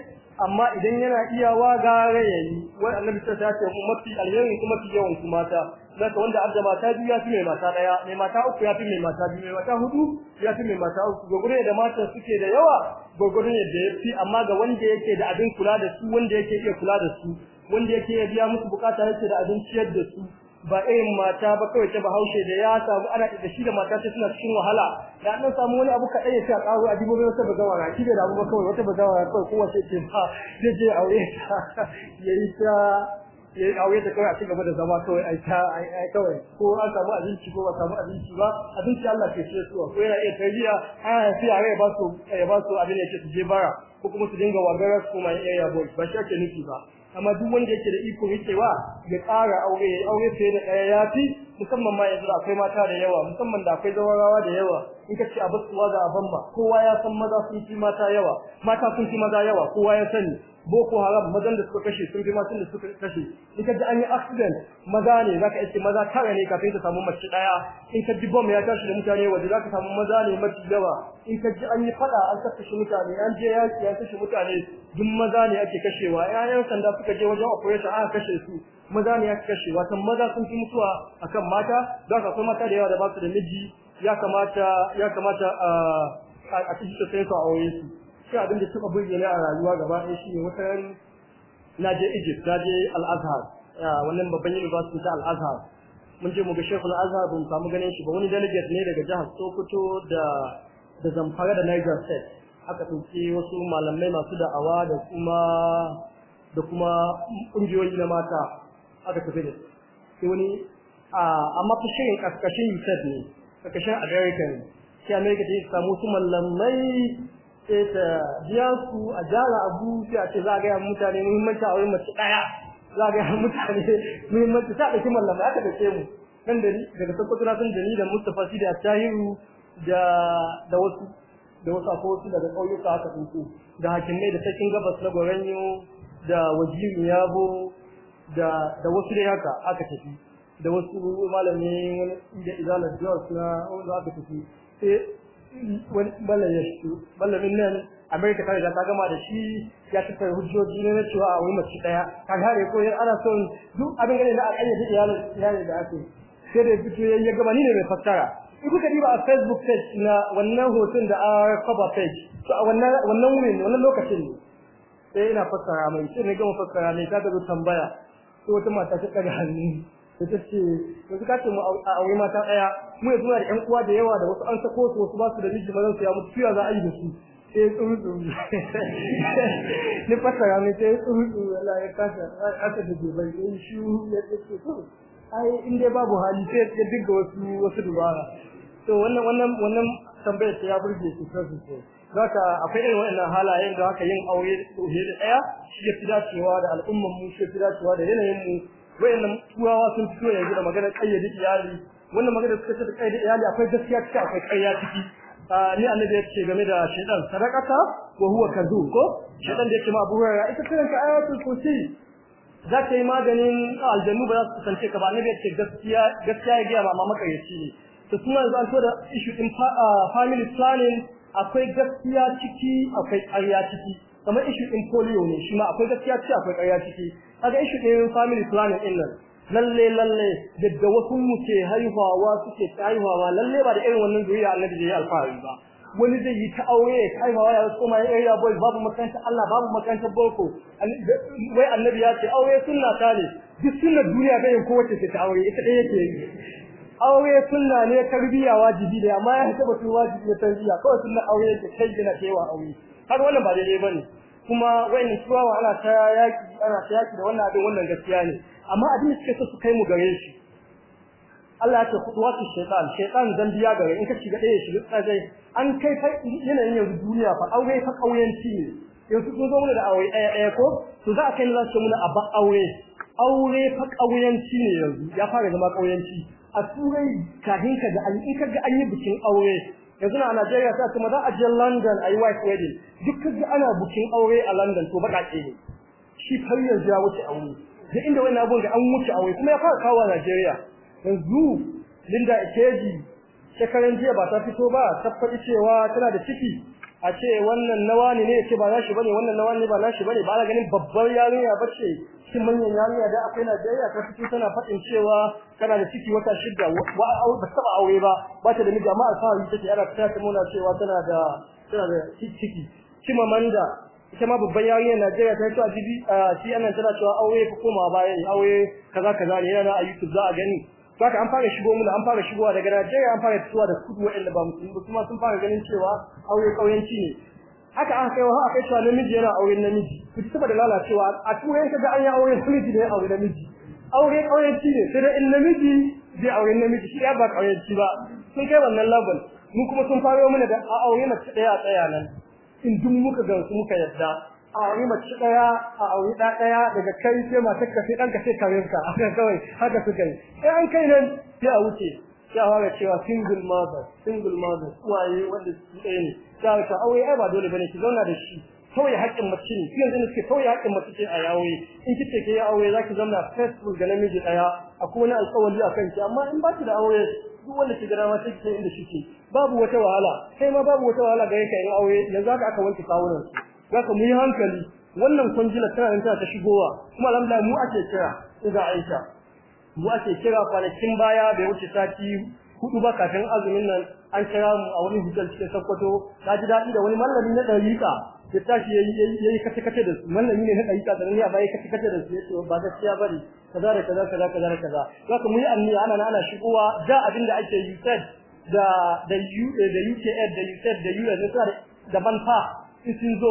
[SPEAKER 1] amma idan yana iyawa ga rayayi wai annabi ta ce ummati alayhi kuma ki yawan kuma ta daga wanda adda mata biyu ya fi mai mata daya mai mata uku ya fi mai mata biyu mai mata hudu ya fi mai mata uku gogure da mata suke da yawa gogure da yafi amma ga wanda yake da abin kula da su wanda yake iya kula da su wanda yake biya musu bukata yake da abin ciyar da su ba irin mata ba kawai ta bahaushe da ya samu ana da shi da mata ta suna cikin wahala da an samu wani abu kaɗai ya ce a ƙaro a jibo mai wata na shi da abu kawai wata bazawara kawai sai ce ba zai je aure ya yi ta ya yi aure ta kawai a cigaba da zama kawai a ta kawai ko an samu abinci ko ba samu abinci ba abinci Allah ke ce suwa ko yana iya tarbiyya ana sai a ba su ya ba su abin da ce su je bara ko kuma su dinga wagarar su ma ya yabo ba shi ake nufi ba amma duk wanda yake da iko yake wa ya ƙara aure ya aure fiye da ɗaya ya fi musamman ma yanzu akwai mata da yawa musamman da akwai zawarawa da yawa in ka ce abin da abin kowa ya san maza sun fi mata yawa mata sun fi maza yawa kowa ya sani boko haram mazan da suka kashe sun fi matan da suka kashe in ka ji an yi accident maza ne za ka iske maza tara ne kafin ta samu mace daya in ka ji bomb ya tashi da mutane waje za ka samu maza ne mafi yawa in ka ji an yi fada an kashe mutane an je yaki ya kashe mutane duk maza ne ake kashewa yayan sanda suka je wajen operation aka kashe su maza ne ake kashewa kan maza sun fi mutuwa akan mata ka akwai mata da yawa da ba su da miji ya kamata ya kamata ah, a cikin sai su a aure su sai abin da suka burge ni a rayuwa gaba ɗaya ne wata yari na je Egypt na je Al-Azhar wannan babban university ta Al-Azhar mun je mu ga shekul Al-Azhar mun samu ganin shi ba wani delegate ne daga jihar Sokoto da da Zamfara da Niger State aka ɗauki wasu malamai masu da'awa da kuma da kuma ƙungiyoyi na mata aka tafi da sai wani amma fi shirin ƙarƙashin USAID ne ƙarƙashin American sai America ta yi samu su malamai sai ta biya su a jara abu sai a ce za a gaya mutane muhimmanci a wurin mace ɗaya za a gaya mutane muhimmanci ta ɗauki mallama aka ɗauke mu nan da daga tabbatar sun san da mustapha shi da tahiru da da wasu da wasu akwai wasu daga ƙauyuka aka tsinko da hakimai da sarkin gabas na gwaranyo da wajiru yabo da da wasu dai haka aka tafi da wasu malamin wani da izalar jos na wanda aka tafi sai ballan yashu shi min nan America ta riga ta gama da shi ya tafi hujjoji ne na cewa a wai mace daya ka gare ko yar ana son duk abin gane da aka yi da ya iyalin da ake sai da fito ya gama ni ne mai fassara in kuka diba a Facebook page na wannan hoton da a cover page to a wannan wannan wurin wannan lokacin ne sai ina fassara mai sai ne gama fassara ne ta da tambaya to wata mata ta kaga hannu sai ta yanzu ka ce mu aure mata ɗaya mu yanzu da ƴan uwa da yawa da wasu an sako su wasu ba su da miji mazan su ya mutu tuya za a yi da su sai tsuru tsuru ni fasara ne sai tsuru tsuru Allah ya kasa aka da bai yi shi ya ce to ai in dai babu hali sai ya diga wasu wasu dubara to wannan wannan wannan tambayar ta ya burge shi sosai sosai zaka akwai irin wannan halayen da haka yin aure tsohe da daya shi ya fi dacewa da al'ummar mu shi ya fi dacewa da yanayin mu wayannan turawa sun fito yanzu da magana kayyade iyali wannan magana suka ce kayyade iyali akwai gaskiya ciki akwai kayya ciki ni annabi ya ce game da shaytan sadaqata wa huwa kadhub ko shaytan da yake ma abuwa ya ita ka ayatul kursi za ta yi maganin aljannu ba za su kusance ka ba annabi ya ce gaskiya gaskiya ya gaya mama makayyaci ne to suna yanzu an so da issue din family planning akwai gaskiya ciki akwai kayya ciki kamar ishu din polio ne shi ma akwai gaskiya ce akwai ƙarya ciki kaga ishu din family planning din nan lalle lalle da wasu muke haihuwa suke haihuwa lalle ba da irin wannan zuriya annabi da ya alfahari ba wani zai yi ta aure haihuwa ya wasu mai area boy babu makarantar Allah babu makarantar boko wai annabi ya ce aure sunna ta ne duk sunna duniya ga yin kowace ce ta aure ita ɗaya ke yi aure sunna ne tarbiyya wajibi ne amma ya taba su wajibi ne tarbiyya kawai sunna aure ke kai gina cewa aure har wannan ba daidai bane kuma wayan turawa ana ta yaki ana ta yaki da wannan abin wannan gaskiya ne amma abin suke so su kai mu gare shi Allah ya ce khudwatu shaytan shaytan dan biya gare in ka shiga ɗaya shiga dai an kai fa yanayin yanzu duniya fa aure fa kauyanci ne yanzu kun zo mana da aure ɗaya ɗaya ko to za a kai za su mu a ba aure aure fa kauyanci ne yanzu ya fara zama kauyanci a turai kafin ka ga ka ga an yi bikin aure yanzu a Najeriya sai kuma za a je London a yi wife wedding duk kaga ana bukin aure a London to bakake ne shi har yanzu ya wuce aure da inda wani abun da an wuce aure kuma ya fara kawo Najeriya yanzu Linda Ikeji shekaran jiya ba ta fito ba ta faɗi cewa tana da ciki a ce wannan nawani ne ce ba shi bane wannan nawani ba shi bane ba ganin babbar yarinya bace Cikin manyan yarinya da akwai Najeriya ta fito tana faɗin cewa kana da ciki wata shida wa ba taba aure ba ba ta da miji amma alfahari take ana ta ta muna cewa tana da tana da ciki kima manda ita ma babban yariya Najeriya ta fito a jibi shi anan tana cewa aure ko koma baya ne aure kaza kaza ne yana a YouTube za a gani saka an fara shigo mu an fara shigowa daga Najeriya an fara fitowa da kudu waɗanda ba musulmi ba kuma sun fara ganin cewa aure kauyanci ne Aka an kai wa aka cewa namiji yana auren namiji ku ci da lalacewa a turai ka ga an yi auren namiji da auren namiji aure aure ci ne sai da in namiji bi auren namiji shi ya ba aure ci ba sun kai wannan label mu kuma sun faro mana da a aure mace daya a tsaya nan in duk muka ga su muka yadda a aure mace daya a aure da daya daga kai sai matar take sai dan ka sai kauyen ka haka kawai haka suka yi sai an kai nan sai a wuce sai a fara cewa single mother single mother uwaye wanda su tsaye ne sai ka aure ai ba dole bane ki zauna da shi kawai haƙƙin mace ne shi yanzu suke kawai haƙƙin mace ce a yawo in kike ke aure zaki zauna Facebook ga namiji daya akwai wani alƙawari akan ki amma in ba ki da aure duk wanda ki gara wata kike inda shike babu wata wahala sai ma babu wata wahala ga yake in aure yanzu haka aka wanke kawunan zaka mu yi hankali wannan kunjila tana nan ta shigowa kuma alhamdulillah mu ake kira ga Aisha mu ake kira kwanakin baya bai wuce sati hudu ba kafin azumin nan an kira mu a wani hujjar cikin Sokoto ta ji dadi da wani mallami na dariƙa ya tashi ya yi kace kace da su mallami ne na dariƙa da ni ba yayi kace kace da su ya ba gaskiya bane kaza da kaza kaza kaza kaza ka mu yi anniya ana ana shigowa da abin da ake yi said da da U eh, da UKF da USF da US da ban fa sun zo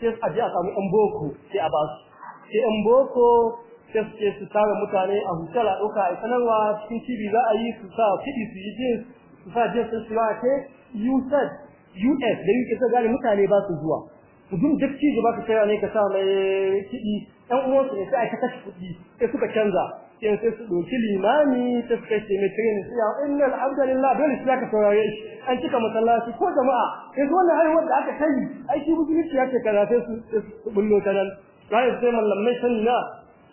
[SPEAKER 1] sai a ji a samu an boko sai a ba su sai an boko sai su tara mutane a hotel a ɗauka a sanarwa cikin TV za a yi su sa kiɗi su yi jeans su sa jeans sun su ke USAID US da yake ta gane mutane ba su zuwa mutum duk ci gaba ka tsaya ne ka sa mai kiɗi ɗan uwansu ne sai aka kashe kuɗi sai suka canza sai sai su ɗauki limami ta suka ce mai tsayin su ya inna alhamdulillah dole su zaka saurare shi an cika masallaci ko jama'a yanzu wannan haihuwar da aka kai aiki musulunci ya ce kaza sai su bullo ta nan sai sai mallamai sanina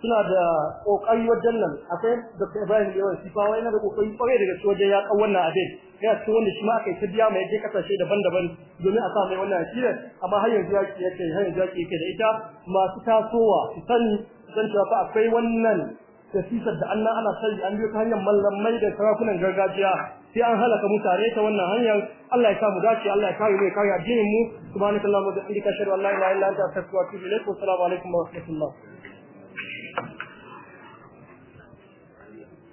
[SPEAKER 1] suna da kokari wajen nan akwai Dr. Ibrahim Yawan Sifawa yana da kokari kwarai daga su wajen ya kawo wannan abin ya ce wanda shi ma kai ta biya mai je kasashe daban-daban domin a sa mai wannan akidar amma har yanzu ya ce yake har yanzu yake da ita masu tasowa su sani san cewa fa akwai wannan tafisar da Allah ana sai an biyo ta hanyar mallamai da sarakunan gargajiya sai an halaka mutane ta wannan hanyar Allah ya sa mu dace Allah ya kare mu ya addinin mu subhanallahi wa bihamdihi ashhadu an la ilaha illa anta astaghfiruka wa atubu ilaik wa assalamu alaikum wa